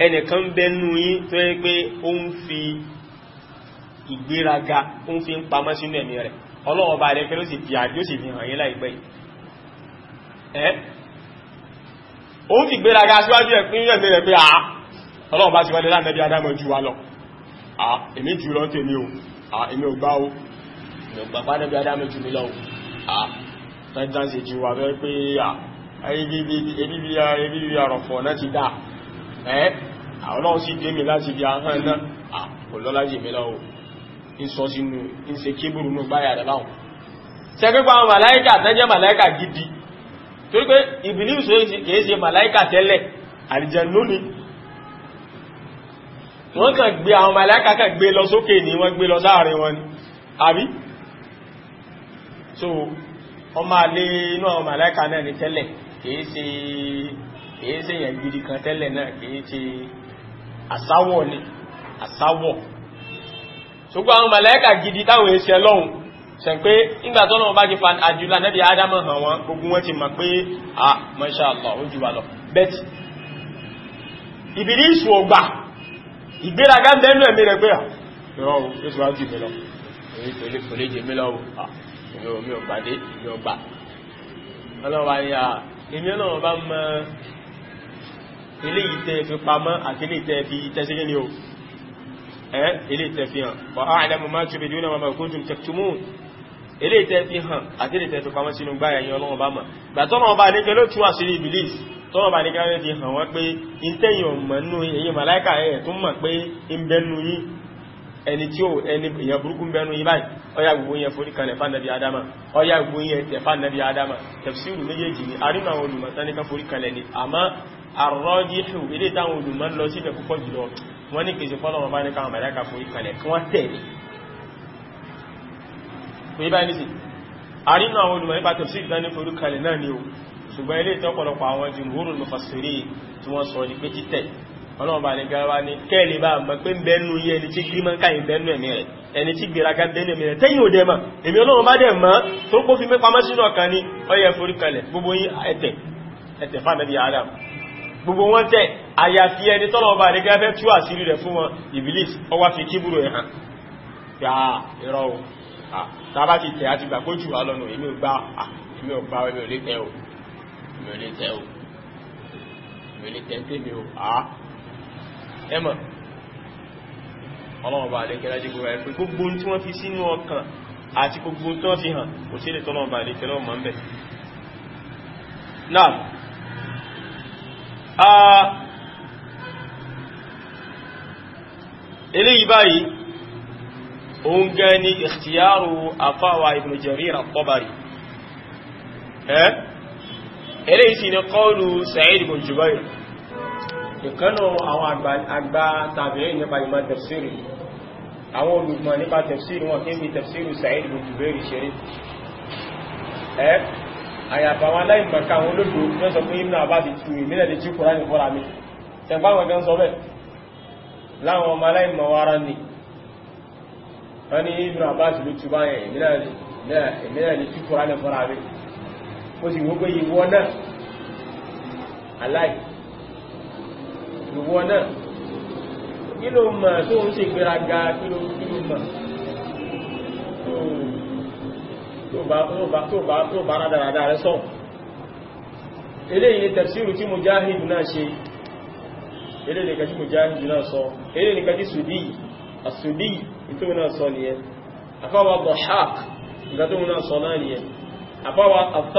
ẹnìkan bẹnu yín tó yẹ pé ó ń fi ìgbéraga ó ń fi ń pamọ́ sínú ẹ̀mí rẹ̀ ọlọ́wọ́ bá rẹ̀ pé ló sì fi àdí ó sì fi hàn yín láìpẹ́ ẹ́ ó fi ìgbéraga síwájú ẹ̀ pín ẹ̀mí rẹ̀ pé àá ọlọ́wọ́ bá síwájú lánàbí adámọ̀ ju wa lọ àá èmi ẹ́ àwọn náà sì dé mi láti bí ahán náà kò lọ́lájì mi lọ́wọ́ ń sọ sínú ń kébùrù ní gbáyà rẹ̀ láwọn ṣẹ́gbẹ́gbà àwọn màláíkà tẹ́jẹ́ màláíkà gidi torí pé ìbìlísù kìí ṣe màláíkà tẹ́lẹ̀ àlìjànnú ni wọ́n kàn gbé àwọn màláíkà kàn gbé lọ sókè ní wọ́n gbé lọ so ọmọ alé inú àwọn ni tẹ́lẹ̀ kìí ṣe èyí gidi kan tẹ́lẹ̀ náà kìí ṣe àsáwọ̀ ni àsáwọ̀ ṣùgbọ́n àwọn màláíkà gidi táwọn èsì ẹlọ́run ṣe pé nígbà tó náà bá ti fa àjùlá nẹ́bí ádámọ̀ hàn wọn gbogbo wọn ti mọ̀ pé à masha Allah ó jù wà lọ bẹ́ẹ̀ ìbìlí ìṣù ọgbà ìgbéraga bẹ́ẹ̀nú ẹ̀mí rẹ̀ pé à ìrọ̀ ó ṣe wá jù mí lọ kò lè jẹ mí lọ à mi ò gbàdé mi ò gbà ọlọ́wà ni à èmi ọlọ́wà bá mọ́ ilé ìtẹ́ fi pamọ́ àti ilé ìtẹ́ fi tẹ́sírí ni o ẹ́ ilé ìtẹ́ fi hàn wà á àìlẹ́mù máa tún bèèrè náà máa kúntùm tẹ̀tùmù ilé ìtẹ́ fi hàn àti ilé ìtẹ́ fi pamọ́ sínú gbáyà yẹn ọlọ́wọ́ bá mọ̀ gbà tọ́nà ọba àdékẹ́ ló tún àṣírí ibilis tọ́nà ọba àdékẹ́ fi hàn wọ́n pé intẹ́yìn ẹni tí ó ẹni èyàn burúkú bẹnu yí báyìí ọya gbogbo yẹn forí kan lẹ̀fà nàbí adama ọya gbogbo yẹn tẹ̀fà nàbí adama tafsiru méjèèjì ni arínú àwọn olùmọ̀tán ní ká forí kan lẹ̀ ni àmá àrọ́jíṣù ilé táwọn olùmọ̀ lọ sí ìfẹ́ púpọ̀ jùlọ wọ́n ní kèsì fọ́lọ́wọ́ bá ní káwọn mẹ́lẹ́ka forí kan lẹ̀ kí wọ́n tẹ̀lé arínú àwọn olùmọ̀ nípa tafsiru dání forí kan lẹ̀ náà ni o ṣùgbọ́n ilé ìtọ́pọ̀lọpọ̀ àwọn ọlọ́run bá ní gẹ́rẹ́wá ní kẹ́ẹ̀lì bá mọ̀ pé ń bẹ́nu yẹ ẹni tí gírímọ̀ káyìn bẹ́nu ẹ̀mí rẹ̀ ẹni tí gbèrágá bẹ́nu ẹ̀mí rẹ̀ tẹ́yìn òdẹ mọ̀ èmi ọlọ́run bá dẹ̀ mọ́ tó kó fi mẹ́pa mọ́sínú ọ̀kan ní ọyẹ forí kalẹ̀ gbogbo yín ẹ̀tẹ̀ ẹ̀tẹ̀ fánàbí adam gbogbo wọn tẹ̀ àyàfi ẹni tọ́lọ́run bá ní gẹ́rẹ́ tú àṣírí rẹ̀ fún wọn ìbílís o tàbá ti o èmi ò o èmi ẹmọ̀ ọlọ́ọ̀bá àdékẹ́lá jẹ́ gbogbo ẹ̀fẹ́ gbogbo tí wọ́n fi sínú ọkàn àti gbogbo tó fi hàn kò sí lè tọ́lọ́ọ̀bá àdékẹ́lá ọmọ ń bẹ̀ náà eléyìí báyìí òun gẹ́ ní ìkhtiyáru àfáwà Ibn Jarir at-Tabari eléyìí ni qawlu Sa'id ibn Jubayr ìkánà àwọn àgbà tàbílẹ̀ nípa ìmọ̀ tafsiri àwọn olùgbọ̀n nípa tafsiri wọn kí n bí tafsiri Sa'id bin Jubair ṣeré ẹ́ àyàfà wọn aláìmọ̀ká àwọn olóògbò ní ọ̀sọ̀ fún Ibn Abbas tu ìmílẹ̀ lè tí Kùránì fọ́ra mi tẹ̀gbá wọn gan sọ bẹ́ẹ̀ láwọn ọmọ aláìmọ̀ wára ni ìmílẹ̀ lè tí Kùránì fọ́ra mi aláì ìwọ náà kí ló mọ̀ tó ń ṣe ìgbéraga kí ló mọ̀ tó bá tó rẹ sọ eléyìí tafsiru tí Mujahid náà ṣe eléyìí kàjí Mujahid náà sọ eléyìí kàjí Sudi As-Sudi náà sọ nìyẹn afáwà Dhahhak ìgbà náà sọ náà nìyẹn afáwà ath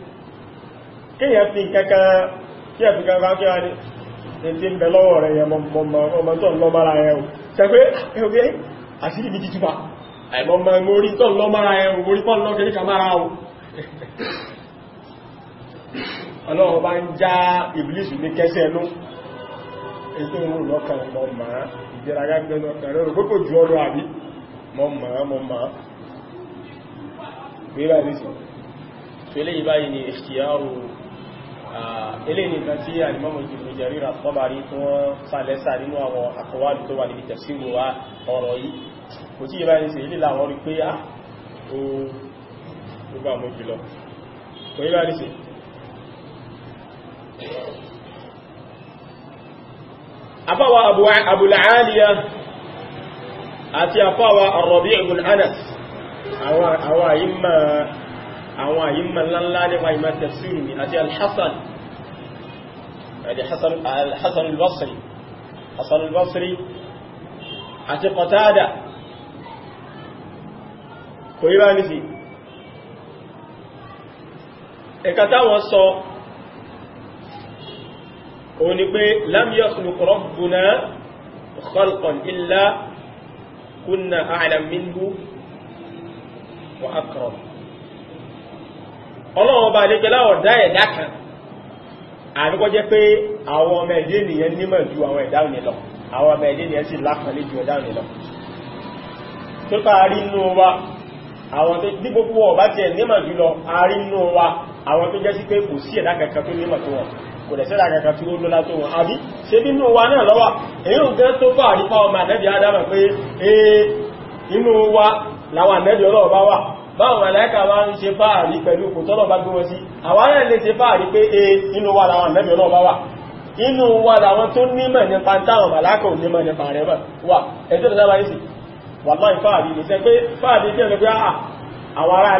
kéèyàn fi kankan kí ẹ̀fì kankan kí a ní ẹ̀tí ń bẹ lọ́wọ́ rẹ̀ yẹ mọ́mọ́ tó ń lọ mara ẹ̀ o ṣẹ́gbẹ́ ẹ̀gbẹ́ àṣírí bí títúbà àìmọ́mọ́ mórí tó ń lọ mara ẹ̀ o mórí pọ́n lọ kìríkà mara o ọlọ́run bá ń já ìbílísù ní kẹsẹ̀ ẹnu ètò ni ìṣkìyàrù eléyìí nǹkan tí àìmọ́mọ̀ ìjìnlẹ̀ jẹ̀ríra tọ́bàrí tí wọ́n sàlẹ́sà nínú àwọn àkọwàlù tó wà níbi tẹ̀síwò wa ọ̀rọ̀ yìí kò tí ìbá ìsẹ̀ ilé làwọn rí pé ah, á o gbogbo àmọ́ jùlọ kò ìbá ìsẹ̀ afáwa abúlàáníyà àti afáwa ar-Rabi' ibn Anas àwọn àyíma àwọn àyíma ńláńlá nípa ìmá tafsir ni àti alhassan àti alhassan al-basri hassan al-basri àti qatada kò yí bá ní sí ẹ̀ka táwọn sọ òun ni pé lam yakhluq rabbuna khalqan illa kunna a'lam wa akram ọlọ́run ọba àdékẹ́ láwọ̀ dá ẹ̀dá kan àríkọ́ jẹ́ pé àwọn ọmọ ẹ̀dẹ́ ènìyàn nímọ̀ ju àwọn ẹ̀dá òní àwọn ọmọ ẹ̀dẹ́ ènìyàn sì lápàlẹ́ ju ẹ̀dá tó inú wa àwọn tó ní gbogbo ọba tiẹ̀ nímọ̀ jù lọ a rí inú wa àwọn tó jẹ́ báwọn ẹ̀lẹ́kà ń fáàrí pẹ̀lú bá wọn sí àwọn lè ṣe fáàrí pé e inú wà láwọn mẹ́bẹ̀ náà bá wà inú wà láwọn tó nímọ̀ nípa táwọn màlákà ò nípa rẹ̀ wà ẹjọ́ ah, wa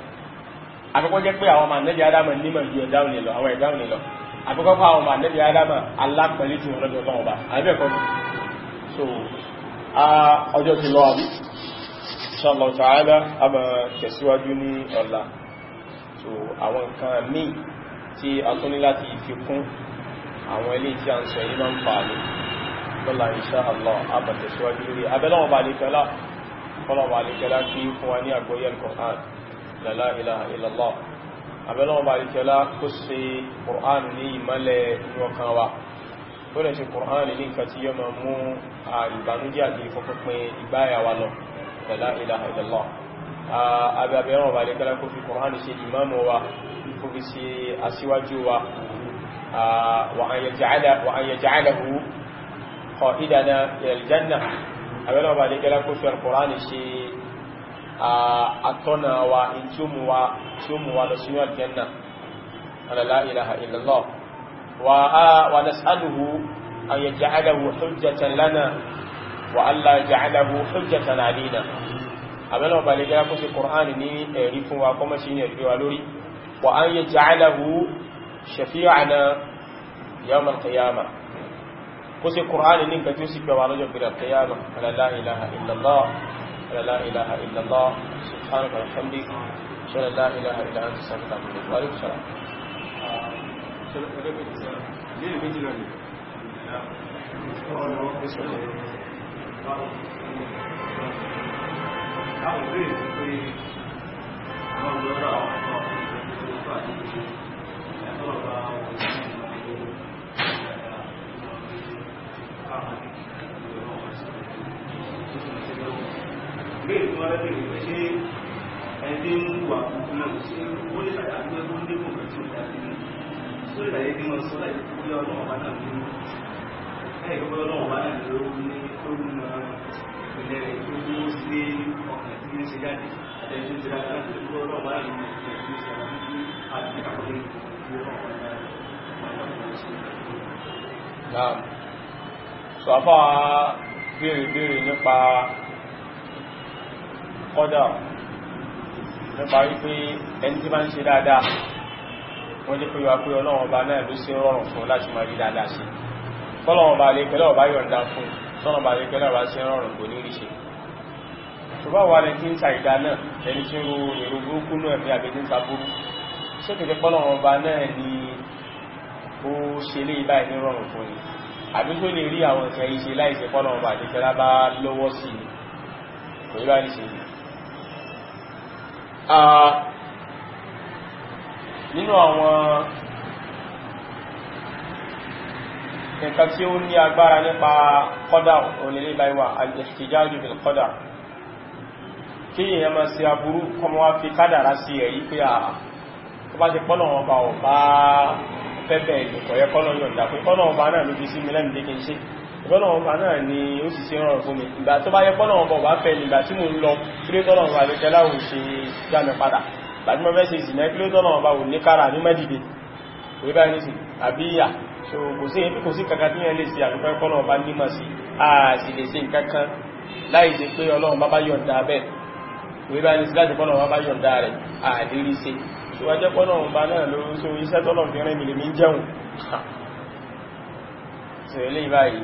àkọ́kọ́ jẹ́ pé àwọn ọmọ ànẹ́bí adama nímọ̀ ju ẹ̀dá òní lọ àwọn ẹ̀dá òní lọ àkọ́kọ́ fún àwọn ọmọ ànẹ́bí adama alápẹ̀lẹ́ tí wọ́n lọ́dọ̀ ọlọ́run bá àbẹ́ ẹ̀kọ́ so ọjọ́ ti lọ àbí inshallah ta'ala a máa tẹ̀síwájú ní ọ̀la so àwọn nǹkan míì tí a tún ní láti fi kún àwọn ilé tí a ń sọ yìí máa ń fà ní lọ́la inshallah a máa tẹ̀síwájú lórí abẹ́lọ́wọ̀ bá lè fẹ́lá kọ́lọ̀wọ̀ bá lè fẹ́lá kí fún wa ní àgbọ́yẹ̀ nǹkan la ilaha illallah abẹ́lọ́wọ́ bá ìkẹlá kó ṣe Qur'an ní ìmọ́lẹ̀ ìwọ̀kan wa tó lè ṣe Qur'an ní nǹkan tí yọ ma mú àìbànújẹ́ àti ìfọ́pínpín ìgbáyà wa lọ la ilaha illallah abẹ́lọ́wọ́ bá ìkẹlá kó fi Qur'an ṣe ìmámù wa kó fi ṣe aṣíwájú wa wa an yaj'alahu qa'idana ila atọ́nà wa in tí ó mú wa tí ó mú wa lọ sínú aljanna alala ilaha illallah wa a wa nas'aluhu an yaj'alahu hujjatan lana wa alla yaj'alahu hujjatan alina abẹ́lẹ̀ ọba lè gẹ́gẹ́ kó sí Qur'an ní ẹ̀rí fún wa kọ́mọ̀ sí ní ẹ̀rí wa lórí wa أشهد لا إله إلا الله سبحانك وبحمدك أشهد أن لا إله إلا أنت أستغفرك وأتوب السلام Thank you. ìbéèrè tó wáyé bèèrè pé ṣé ẹni ń wà kúkú náà ṣé ó lè ṣàyà pé ó ń débò kan tí ó dá sí ní tó lè ṣàyẹ kí wọn sọ láì kú bí ọlọ́wọ́ bá náà nínú láì kú bí ọlọ́wọ́ bá náà ló ní tó ń mọ ìpìlẹ̀ rẹ̀ tó mú sí ọkàn tí ń ṣe jáde àtẹ̀jú ti ra láti kú ọlọ́wọ́ bá náà nínú ìpìlẹ̀ tó ṣàlàyé àti àkọlé ìpìlẹ̀ ọlọ́wọ́ bá náà wà lọ́wọ́ kọ́dà nípa wípé ẹni tí bá ń ṣe dáadáa wọ́n jẹ́ pé wà pé ọlọ́run ọba náà ló ṣe rọrùn fún láti máa rí dáadáa sí kọ́lọ́run ọba lè pẹ́lẹ́ ọba yọ̀ǹda fún sọ́run ọba lè pẹ́lẹ́ ọba ṣe rọrùn kò ní rí ṣe ṣùgbọ́n wà ní tí ń ṣàìdá náà ẹni tí ń ro èrò burúkú náà bí àbí tí ń ṣàbúrú ṣé kìí kọ́lọ́run ọba náà ni ó ṣe lé báyìí ní ni àbí àwọn ìṣẹ́ iṣẹ́ láìsẹ̀ kọ́lọ́run ọba àti ìṣẹ́lá bá lọ́wọ́ sí i kò ní bá ní nínú àwọn nǹkan tí ó ní agbára nípa kọ́dà onílé báyíwá al-ihtijaju bil qadar kí èèyàn máa ṣe aburú kọmọ wá fi kádàrá sí ẹ̀ yí pé àà tó bá ti pọ́nà wọn bá ọ̀ bá pẹ́pẹ́ ìlú kọ̀yẹ́ kọ́nà yọ̀ǹda pé kọ́nà ọba náà ló sí mi lẹ́nu ìbọ́lọ̀wọ̀n bá náà ni ó sì sí rọrùn fún mi ìgbà tó bá yẹ pọ́lọ̀wọ̀n bọ̀ bá fẹ́ nígbà tí mo ń lọ kílótọ́lọ̀wọ̀n bá lókẹ́ láwò ṣe jámi padà bàtí mọ́ fẹ́ ṣe ìsìnà kílótọ́lọ̀wọ̀n bá wò ní kára ní mẹ́dìdè orí bá ní sí àbí ìyà so kò sí èyí kò sí kankan tí yẹn lè ṣe àlùfẹ́ pọ́lọ̀wọ̀n a sì lè ṣe nǹkan kan láì ṣe pé ọlọ́run bá bá yọ̀ǹda bẹ́ẹ̀ orí bá ní sí láti pọ́lọ̀wọ̀n bá yọ̀ǹda rẹ̀ àdírí ṣe tó wájẹ́ pọ́lọ̀wọ̀n bá náà lórí so iṣẹ́ tọ́lọ̀ fi rẹ́ mi lè jẹun ṣe eléyìí báyìí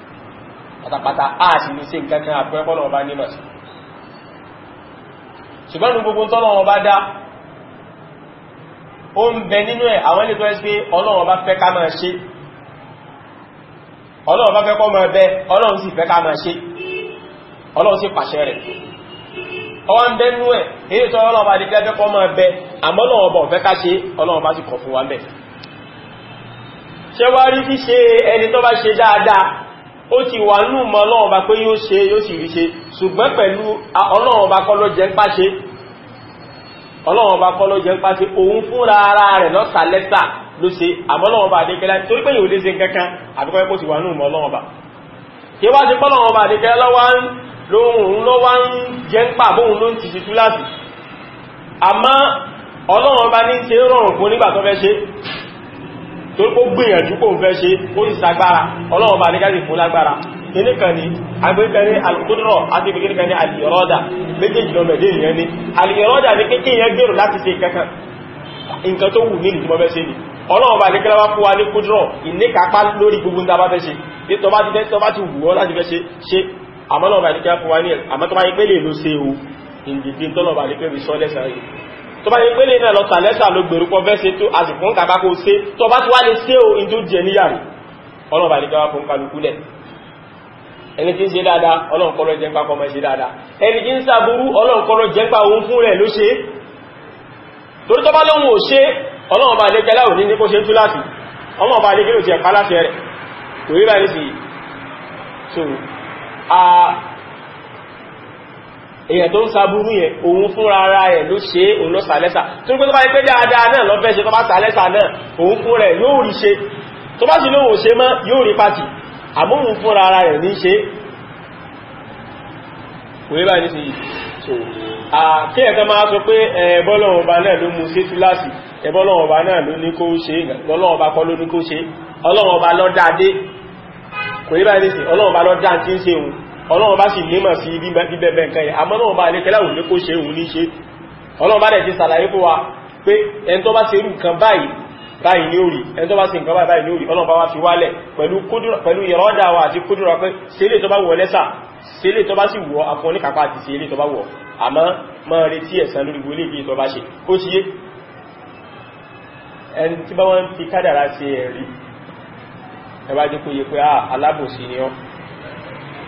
pátápátá áàsì ní sí nǹkan kan àpẹẹpọ́lọ̀ ọba nímọ̀ sí ṣùgbọ́n ní gbogbo tọ́lọ̀ ọba dá ó ń bẹ nínú ẹ̀ àwọn ilé tó ẹ́ pé ọlọ́run ọba fẹ́ ká máa ṣe ọlọ́run ọba fẹ́ kọ́ máa bẹ ọlọ́run sì fẹ́ ká máa ṣe ọlọ́run sì pàṣẹ rẹ̀ ṣe ọlọ́run ọba sì ṣe ẹni tó bá ṣe dáadáa ó ti wà nú mọ́ ọlọ́run ọba pé yóò ṣe yóò sì rí ṣe ṣùgbọ́n pẹ̀lú ọlọ́run ọba kọ́ ló jẹ́ ń pàṣẹ ọlọ́run ọba kọ́ ló jẹ́ ń pàṣẹ òun fúnra ara rẹ̀ lọ́ta lẹ́tà ló ṣe àmọ́lọ́run ọba àdékẹ́lá torí pé yóò lè ṣe kankan àbíkọ́ ẹ̀kọ́ ti wà nú mọ́ ọlọ́run ọba kí wá ti pọ́lọ́run ọba àdékẹ́lá lọ́wọ́ ló ń jẹ́ ń pà bóhun ló tó ó gbìyànjú kò ń fẹ́ ṣe ó ti sagbára ọlọ́run bá nígbàtí fún lágbára kìíní kan ní agbẹ́kẹ́ ní alkudrọ̀ àti ìgbẹ́kẹ́ kan ní alìrọ́dà méjèèjì lọ mẹ̀dé ìyẹn ní alìrọ́dà ní kéèkéè yẹn gbèrò láti ṣe kankan nǹkan tó wù nílùú mọ́fẹ́ ṣe ni ọlọ́run bá nígbàtí wá fún wa ní kudrọ̀ ìníkàpá lórí gbogbo ta bá fẹ́ ṣe pé tọba ti fẹ́ tọba ti wù ọ́ láti fẹ́ ṣe àmọ́ tọba yìí o ìdìdí tọ́lọ̀ tó bá yẹ pé lè náà lọ tàlẹ́sà ló gbèrú pọ̀ fẹ́ ṣe tó àsìkò ń kàbá kó ṣe tó bá ti wá lè ṣe òun tó jẹ níyàwó ọlọ́ọ̀bà lè gbáwá fún kálukú lẹ̀ ẹni tí ń ṣe dáadáa ọlọ́run kọ́rọ̀ jẹ́ nípa kọmọ ṣe dáadáa ẹni tí ń sàbúrú ọlọ́run kọ́rọ̀ jẹ́ nípa òun fún rẹ̀ ló ṣe torí tó bá lóhun ò ṣe ọlọ́run bá lè kẹlá òní ní kó ṣe tú láti ọmọ bá lè kí ló ti ẹ̀pá láti rẹ̀ kò rí báyìí sí èyàn tó ń sàbúrú yẹn òun fúnra ara ẹ̀ ló ṣe òun lọ sàlẹ́sà tó gbé tó bá ní pé dáadáa náà lọ fẹ́ ṣe tó bá sàlẹ́sà náà òun fún rẹ̀ yóò rí ṣe tó bá sì lóhun ṣe mọ́ yóò rí pàtì àmóhun fúnra ara rẹ̀ ní ṣe kòrí bá ní sí so kí ẹ̀kan máa sọ pé ẹ̀bọ́lọ́wọ̀n ọba náà ló mú sí túláàsì ẹ̀bọ́lọ́wọ̀n ọba náà ló ní kó ṣe lọ́lọ́wọ̀n ọba kọ́ ló ní kó ṣe ọlọ́wọ̀n ọba lọ́dáadé kòrí bá ní sí ọlọ́wọ̀n ọba lọ́dáadé ń ṣe òun ọlọ́run bá sì nímọ̀ sí bíbẹ̀bẹ̀ nǹkan yẹn àmọ́ náà bá alékẹ́lá òun ní kó ṣe òun ní ṣe ọlọ́run bá dẹ̀ ti sàlàyé fún wa pé ẹn tó bá ṣe irú nǹkan báyìí báyìí ní orí ẹn tó bá ṣe wa àti kúdúrà pé sílé tó bá wọ lẹ́sà sílé tó bá sì wọ afọ́ní kápá àti sílé tó bá wọ àmọ́ mọ́ retí ẹ̀san lórí gbogbo ilé ẹni tí bá wọ́n fi kádàrá ṣe ẹ̀rí ẹwà jẹ́ yẹ pé ah, alábòsí ni ọ́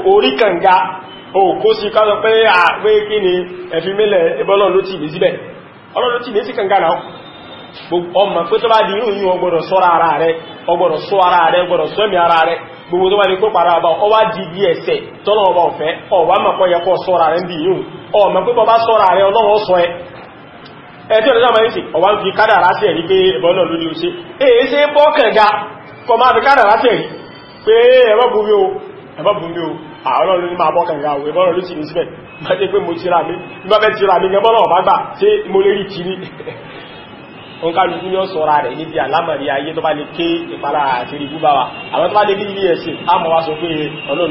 orí kànga òkó sí kọ́sọ pé àwé kí ni ẹ̀fí mílẹ̀ ẹbọ́lọ́ ló ti nìsíbẹ̀ ọlọ́lọ́ ti nìsí kànga náà ọmọ pé tó bá di irú sọ́ra ara rẹ sọ ara rẹ ọgbọ̀dọ̀ rẹ gbogbo ara di bí ẹsẹ̀ tọ́nà ọba ọ̀fẹ́ ọwá mọ̀kọ́ yẹ kọ́ sọ́ra rẹ bí ọmọ ọwá ń fi ẹmọ́bùnbí o àwọn ah, olórin máa bọ́kàn ìyàwó ẹbọ́rọ̀ ló sì ní síbẹ̀ bá jẹ́ pé mo tíra mi bá bẹ́ tíra mi gẹbọ́rọ̀ ọ̀bá gbà tí mo lè rí kiri oǹkàlùkú *laughs* ní ọ̀sọ̀ra rẹ̀ níbi àlámọ̀rí ayé tó bá lè ké ìpara àti ìrìbú bá wa àwọn tó bá lè bí ẹ̀sìn àmọ́ wá sọ pé ọlọ́run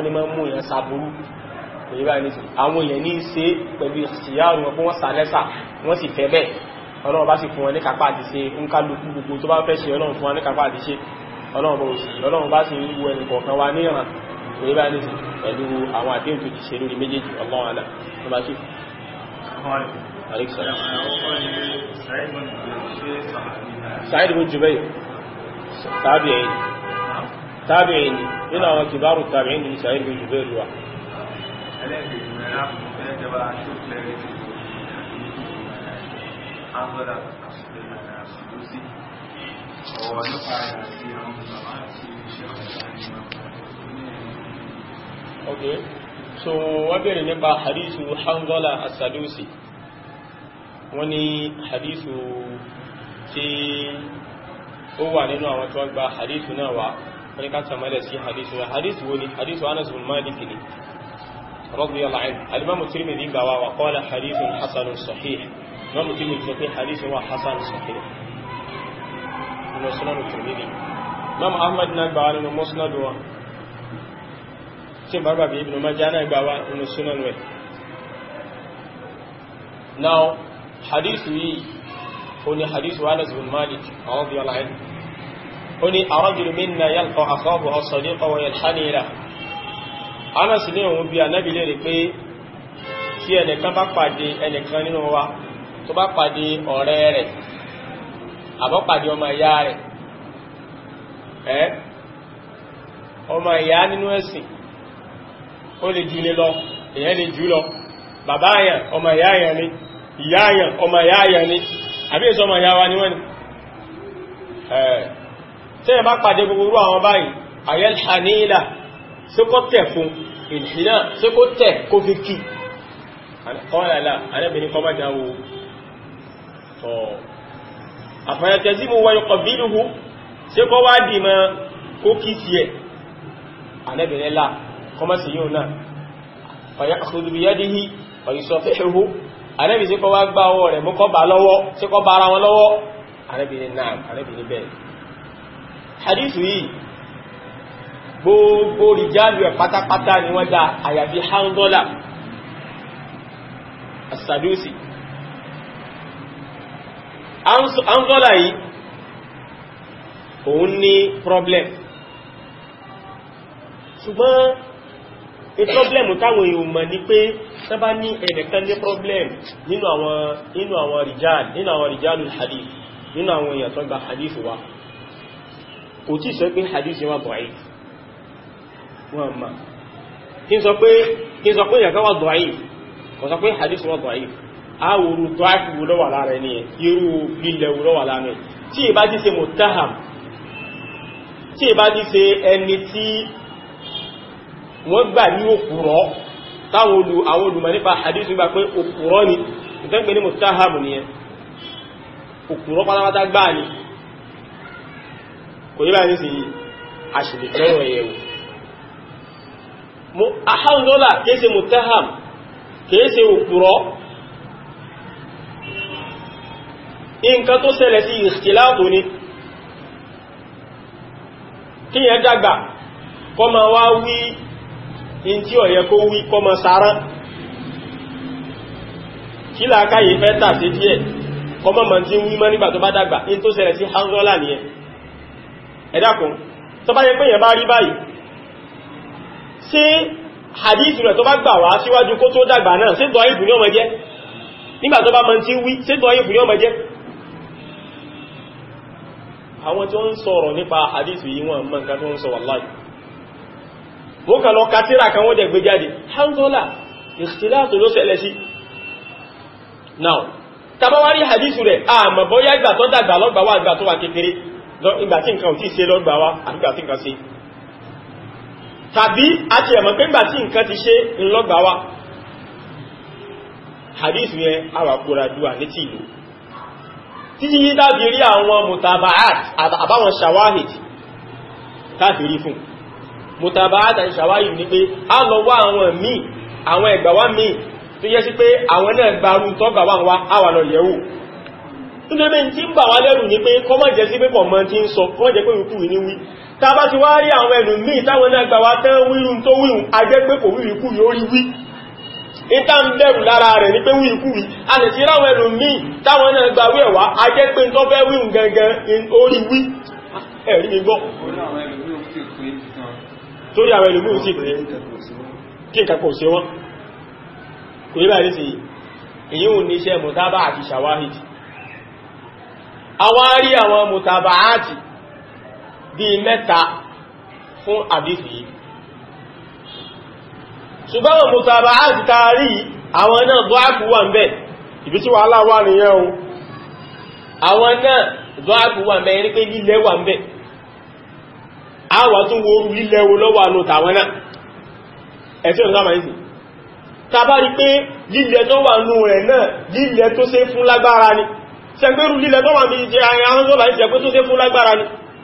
ló mú èyí báyìí ní sí àwọn èèyàn ní í ṣe pẹ̀lú ìṣìyàrù wọn fún wọn sàlẹ́sà wọ́n sì fẹ́ bẹ́ẹ̀ ọlọ́run bá sì fún wọn ní kápá àti ṣe ń kálukú gbogbo tó bá fẹ́ ṣe ọlọ́run fún wọn ní kápá àti ṣe ọlọ́run bá sì ń wo ẹnì kọ̀ọ̀kan wa ní ìràn èyí báyìí ní Okay, mẹ́ra fẹ́ jọba tó fẹ́rẹ́ ti àbọ̀dà àṣìlẹ̀ àṣìlọ́sí ọ̀wọ̀ so wọ́n bèèrè nípa hadithu hanzola asadusi wọ́n ní hadithu tí ó wà nínú àwọn tí wọ́n gba hadithu náà wá wọ́n ní ká sàmọ́lẹ̀ sí hadithu náà hadithu wo ni hadithu anas bin malik ni رضي الله عنه الإمام الترمذي قال وقال حديث حسن صحيح الإمام الترمذي في حديث وحسن صحيح من سنن الترمذي الإمام أحمد نقبع لنا مسند و كم بابا ابن ماجه نقبع من سنن now حديث وي هنا حديث وانس بن مالك رضي الله عنه هنا أرجل منا يلقى أخاه أو ويلحن ويلحني له Anas ní òun bí anábì lè rí pé tí ẹnìkan bá pàdé ẹnìkan nínú wa tó bá pàdé ọ̀rẹ́ rẹ̀ àbọ́ pàdé ọmọ ìyá rẹ̀ ẹ́ ọmọ ìyá nínú ẹ̀sìn ó lè jù lé lọ èyàn lè jù lọ bàbá àyàn ọmọ ìyá àyàn ni ìyá àyàn ọmọ ìyá àyàn ni àbí èso ọmọ ìyá wa ni wọ́n ni ẹ̀ tí ẹ bá pàdé gbogbo àwọn báyìí àyẹ́lì sókó tẹ̀ fún ìṣìnà sókó tẹ̀ kó fi kí kọ́lá arábìnrin kọ́ bá jáwó tọ́ àfàyàtẹ̀ sí mú wáyé kọ̀bílùú sí kọ́ wá dì mọ́ kó kí sí ẹ̀ arábìnrin lá kọmọ́sí yóò náà fàyà àkùdùbíyádìí ọ̀yìsọ̀fẹ́hù arábì sí kọ́ wá gbá bẹ́ẹ̀ gbogbo rìjáàlù ẹ̀ pátápátá ni wọ́n dá àyàfi handola asadusi handola yìí òun ní problem ṣùgbọ́n ní problem táwọn èèyàn mọ̀ ní pé sábà ní ẹ̀nẹ̀kan ní problem nínú àwọn nínú àwọn rìjáàlù nínú àwọn rìjáàlù hadith nínú àwọn èèyàn tó gba hadith wa kò tí sọ pé hadith yẹn bọ̀ yìí wọn ma kí n sọ pé kí n sọ pé ìyàkọ́ wà dọ̀ ayé kò sọ pé hadith wà dọ̀ ayé àwòrú tó áìfù wò lọ́wà lára ẹni ẹ̀ irú ilẹ̀ wò lọ́wà lára ẹ̀ tí ìbá ti ṣe mutaham tí ìbá ti ṣe ẹni tí wọ́n gbà ní òkúrọ́ táwọn olùmọ̀ nípa hadith gbà pé òkúrọ́ ni ìfẹ́gbẹ̀ ní mutaham ni ẹ àháùdọ́là kéèsè mùtáhàm kéèsè òpùrọ́ nǹkan tó ṣẹlẹ̀ sí ìṣkìláàtò ni kí yẹn dàgbà kọ́ ma wá wí in tí ọ̀yẹ kó wí kọ́ ma ma ti tí wí mọ́ nígbà tó bá dàgbà in ṣé hadith rẹ̀ tó bá gbà wá síwájú kó tó dàgbà náà ṣé tọ́ ìbù ní ọmọ jẹ́ nígbà tó bá mọ́ tí wí ṣé tọ́ ìbù ní ọmọ jẹ́ àwọn tí wọ́n ń sọ̀rọ̀ nípa hadith yìí wọ́n mọ́ nǹkan tó ń sọ wallahi ó kà lọ ka kan wọ́n jẹ jáde hanzola ìṣìláàtò ló ṣẹlẹ̀ sí now tabawari hadith rẹ̀ àmọ́ bóyá ìgbà tó dàgbà lọ́gbà wá ìgbà tó wà kékeré ìgbà tí nǹkan ò tí ì ṣe lọ́gbà tàbí àti ẹ̀mọ̀ pé gbà tí nǹkan ti ṣe ńlọ́gbàwà hadith yẹn àwàkúra dúà ní ti ìlú títí yí dábì rí àwọn mutabaat àbáwọn shawahid káàkiri fún mutabaat àti shawahid ní pé a lọ wá àwọn míì àwọn ẹgbàwá míì tó yẹ sí pé àwọn náà gbarú tọ́gbàwá wa àwà lọ yẹ̀wò nítorí tí ń bà wá lẹ́rù ní pé kọ́mọ̀ jẹ́ sí pé pọ̀ mọ́ tí ń sọ kọ́mọ̀ jẹ́ pé ìkú ní wí tàbá ti wá rí àwọn ẹnu míì táwọn náà gbà wá tán wírun tó wírun ajẹ́ pé kò wírikú yóò rí wí ìta ń bẹ̀rù lára rẹ̀ ní pé wírikú wí a lè ti ráwọn ẹnu míì táwọn náà gbà wí ẹ̀wà ajẹ́ pé tó fẹ́ wírun gangan orí wí ẹ̀rí mi gbọ́ torí àwọn ẹnu míì sì pé kí nǹkan kò ṣe wọ́n kò rí báyìí sí èyí ò ní iṣẹ́ mùtábà àti ṣàwáhìdì àwọn arí àwọn mùtábà àti bíi mẹ́ta fún àdífì ṣùgbọ́n wọn mú tàbà áti taari àwọn náà dọ́àbù wà ń bẹ ibi tí wàhálà wà nìyẹn o àwọn náà dọ́àbù wà ń bẹ ní pé lílẹ̀ wà ń bẹ àwọn tún wo orú lílẹ̀ wo lọ́wọ́ àánú tàwọn náà ẹ̀sẹ̀ òǹkà máa ń sìn tàbá rí pé lílẹ̀ tó wà nù rẹ̀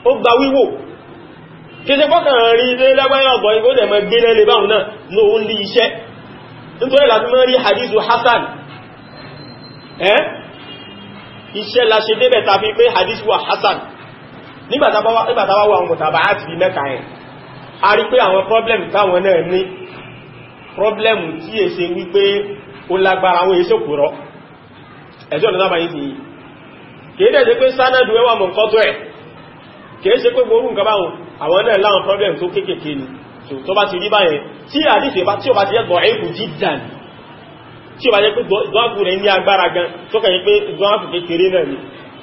ó gba wíwò kéṣe fọ́kàn rí ilé lágbáyé ọ̀gbọ̀ igbó dẹ̀ mọ́ gbé lẹ́lẹ́ báhùn náà ní òun lè iṣẹ́ nítorí láti mọ́ rí hadithu hasan ẹ́ iṣẹ́ la ṣe débẹ̀ ta fi pé hadithu wa hasan nígbàtàwà wà wọn tàbá àti bí mẹ́ta ẹ̀ a rí pé àwọn problem táwọn náà ní problem tí è ṣe wípé ó lágbára àwọn èṣò kúrọ ẹjọ́ ìlú náà báyìí ti kéèdè ṣe pé sánàdù ẹwà mọ̀kọ́tọ̀ ẹ̀ kìí ṣe pé gbogbo nǹkan báwọn àwọn náà láwọn problem tó kéèkéé ni so tó bá ti rí báyẹn tí àdíṣe bá tí ó bá ti jẹ́ dọ̀ẹ́kù jídàn tí ó bá jẹ́ pé dọ́ọ̀kù rẹ̀ ní agbára gan tó kẹ́yìn pé dọ́ọ̀kù kékeré náà ni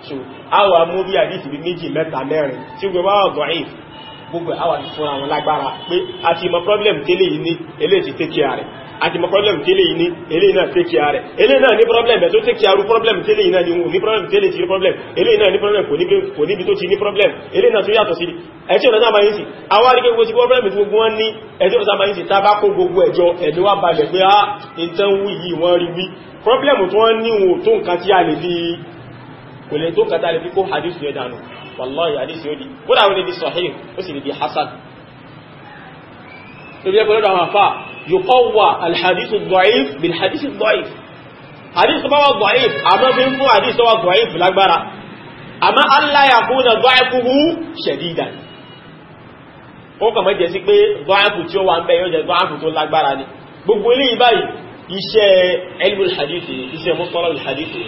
so àwọn amú bí àdíṣe bí méjì mẹ́ta mẹ́rin tí gbogbo àwọn dọ̀ẹ́kù gbogbo àwọn fúnra wọn lágbára pé a problem tẹ́lẹ̀ yìí ní eléyìí àti mọ̀ problem tẹ́lẹ̀ yìí ní eléyìí náà tẹ́kì ààrẹ eléyìí náà ní problem ẹ̀ tó tẹ́kì àrú problem tẹ́lẹ̀ yìí náà ni ní problem tẹ́lẹ̀ ti ní problem eléyìí náà ní problem kò níbi tó ti ní problem eléyìí náà tó yàtọ̀ sí ẹ̀tí ọ̀nà sáà máa yìí sí awárí problem tí gbogbo wọn ní ẹ̀tí ọ̀nà sáà máa yìí sí tábá kó gbogbo ẹ̀jọ ẹ̀mí wá ah, rí wí problem tí wọ́n ní wọn tó nǹkan tí a lè fi kò lè tó nǹkan tí a di kódà wọn di di hasan tó bí ẹgbẹ̀rẹ̀ àwọn àfà yòkọ́wà alhadisu dọ̀if bil hadisi dọ̀if hadisi bá wà dọ̀if àmọ́ fi ń fún hadisi wà dọ̀if lágbára àmọ́ aláyà fún na dọ̀ifuhu ṣẹ̀dídà ó kàn mọ́ jẹ́ sí pé dọ̀ifu tí ó wà ń bẹ yóò jẹ́ dọ̀ifu tó lágbára ni gbogbo ilé ìbáyìí iṣẹ́ ilmul hadisi iṣẹ́ mustalahul hadisi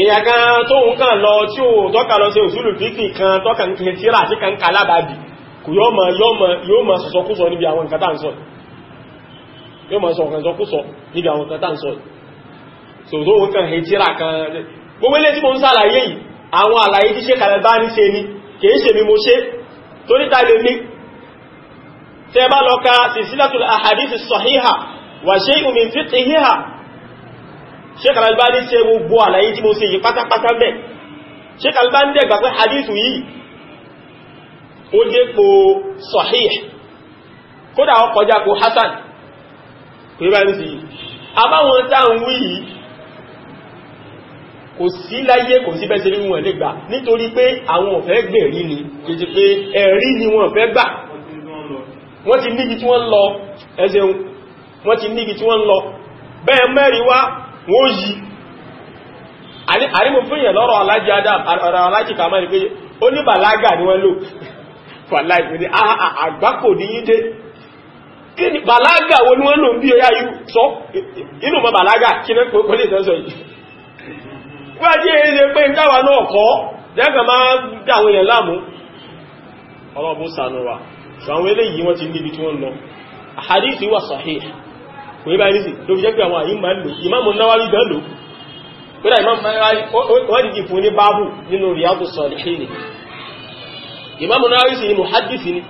èyàn kan tóun kan lọ tí ó tọ́ka lọ sí òṣùlù fífì kan tọ́ka ń kìí kò yọ́ ma yọ́ ma sọ̀sọ̀kúsọ níbi àwọn nǹkan tá ń sọ yọ́ ma sọ̀sọ̀kúsọ níbi àwọn nǹkan tá ń sọ so tó wọ́n kàn hẹ tíra kan gbogbo ilé tí mo ń sàlàyé yìí àwọn àlàyé tí ṣe kàlẹ̀bá ní ṣe ni kìí ṣe sahiha wa shay'un min fiqhiha ṣe kàlẹ̀bá ní ṣe gbogbo àlàyé tí mo ṣe yìí pátápátá bẹ́ẹ̀ ṣe ó dépò sahih kódà ó kọjá kó hasan pé bá ní sí àbáwọn táwọn wí yìí kò sí láyé kò sí bẹ́ẹ̀ sí rí lè gbà nítorí pé àwọn ò gbẹ̀rí ni kìí pé ẹ̀rí ni wọn ò fẹ́ gbà wọ́n ti níbi tí wọ́n lọ ẹ̀ṣẹ̀un wọ́n ti níbi tí wọ́n lọ bẹ́ẹ̀ mẹ́rin wá wọ́n yìí àrímọ̀ fún ìyẹ̀ lọ́rọ̀ alájì life ìpínlẹ àgbákò ní yídé kí ni balaga wo ni wọ́n lò ń bí ẹyà yìí sọ inú mọ́ bàlágà kí ní pé pẹ́lẹ̀ ìtẹ́sọ yìí wọ́n jẹ́ ẹ̀ṣẹ́ pé ń dáwà náà kọ́ jẹ́kàn máa ń wa ti níbi tí wọ́n lọ àhàdìsí wà sahih kò yíba Nawawi ìmáàmù Nawawi sí ni muhaddisi ni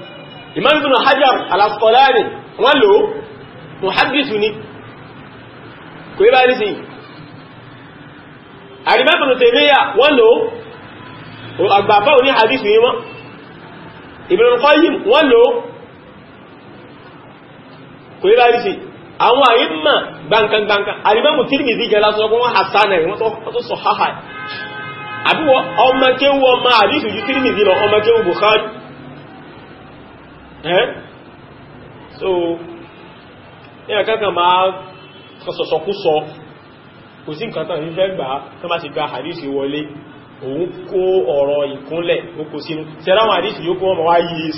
ìmáàmù Ibn Hajar al-Asqalani wọ́n lò muhaddisu ni kò yí bá ní sí àrímẹ́bù Taymiyyah wọ́n lò àgbàfà òní hadisi ni wọ́n Ibn Qayyim wọ́n lò kò yí bá ní sí àwọn àyíkmà gbankan gbankan àrímẹ́bù Tirmidhi jẹ́ lásán hassan rẹ̀ wọ́n tó sọ àbíwọ ọmọkéwú ọmọ àdísù ju Tirmidhi lọ ọmọkéwú Bukhari ẹ́ so ní àkẹ́kẹ́ máa sọ̀sọ̀kúsọ kò sí nǹkan tán nífẹ́ gbà tó má ti gba àdísù wọlé òun kó ọ̀rọ̀ ìkúnlẹ̀ ó kó sínú tẹ́ráwọn àdísù yóò kó ọmọ wá yìí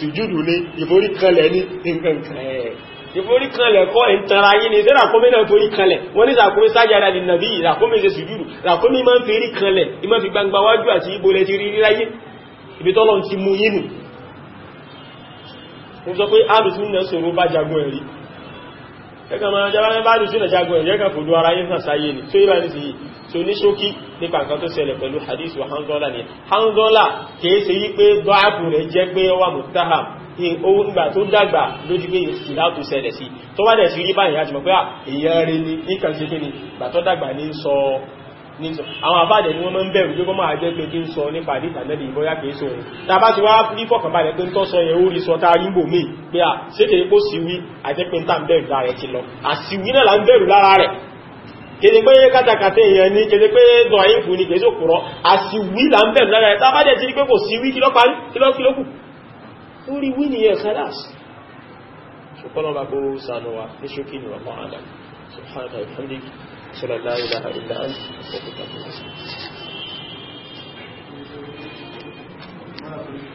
ní ìforí kanlẹ̀ ní nǹkan kan ìforí kanlẹ̀ kọ́ ìtara yìí ni ṣe ràkúnmí náà forí kanlẹ̀ wọ́n ní ràkúnmí sájára ní nàbí ràkúnmí ṣe sùjúrù ràkúnmí máa ń fi rí kanlẹ̀ ìmá fi gbangba wájú àti ìbolẹ̀ ti rí ráyé ibi tọ́lọ ti mú yínú mo sọ pé àrùsùn náà sọ̀rọ̀ bá jagun ẹ̀rí ẹgbẹ́ ma jẹ́ báyẹ́ bá lùsí ìrẹ̀jágun ẹ̀yẹ́ kan fòdó ara yẹ́ hàn sáyé ni tó yíba ní sí tí ó ní ṣókí nípa nǹkan tó ṣẹlẹ̀ pẹ̀lú hadith wa hanzola ni hanzola kìí ṣe yí pé dọ́àkù rẹ̀ jẹ́ pé ọwà mutaham ìgbà tó dàgbà lójú pé ìsìláàtù ṣẹlẹ̀ sí tó wá dẹ̀ sí rí báyìí àti mọ̀ pé èèyàn rẹ̀ ní ìkànṣe kí ni ìgbà tó dàgbà ní sọ nítọ̀ àwọn àbádẹ̀ ni wọ́n mọ́ ń bẹ̀rù pé kọ́ máa jẹ́ pé kí ń sọ nípa àdíta lẹ́lẹ̀ ìbọ́yá kìí sọ ohun tàbá ti wá ní fọ̀kànbalẹ̀ pé ń tọ́ sọ yẹn ó rí sọ tá rí bò míì pé à sékè epo síwí àjẹ́ pé ń tà ń bẹ̀rù lára rẹ̀ ti lọ àsìwí náà là ń bẹ̀rù lára rẹ̀ kèdè pé kátàkàtà èèyàn ní kèdè pé dọ̀yìn fún ní kèsí òkúrọ̀ àsìwí là ń bẹ̀rù lára rẹ̀ tàbá dẹ̀ ti rí pé kò síwí kí ló parí kí ló kí ló wa ní ṣókí ni subhanahu wa ta'ala solo la de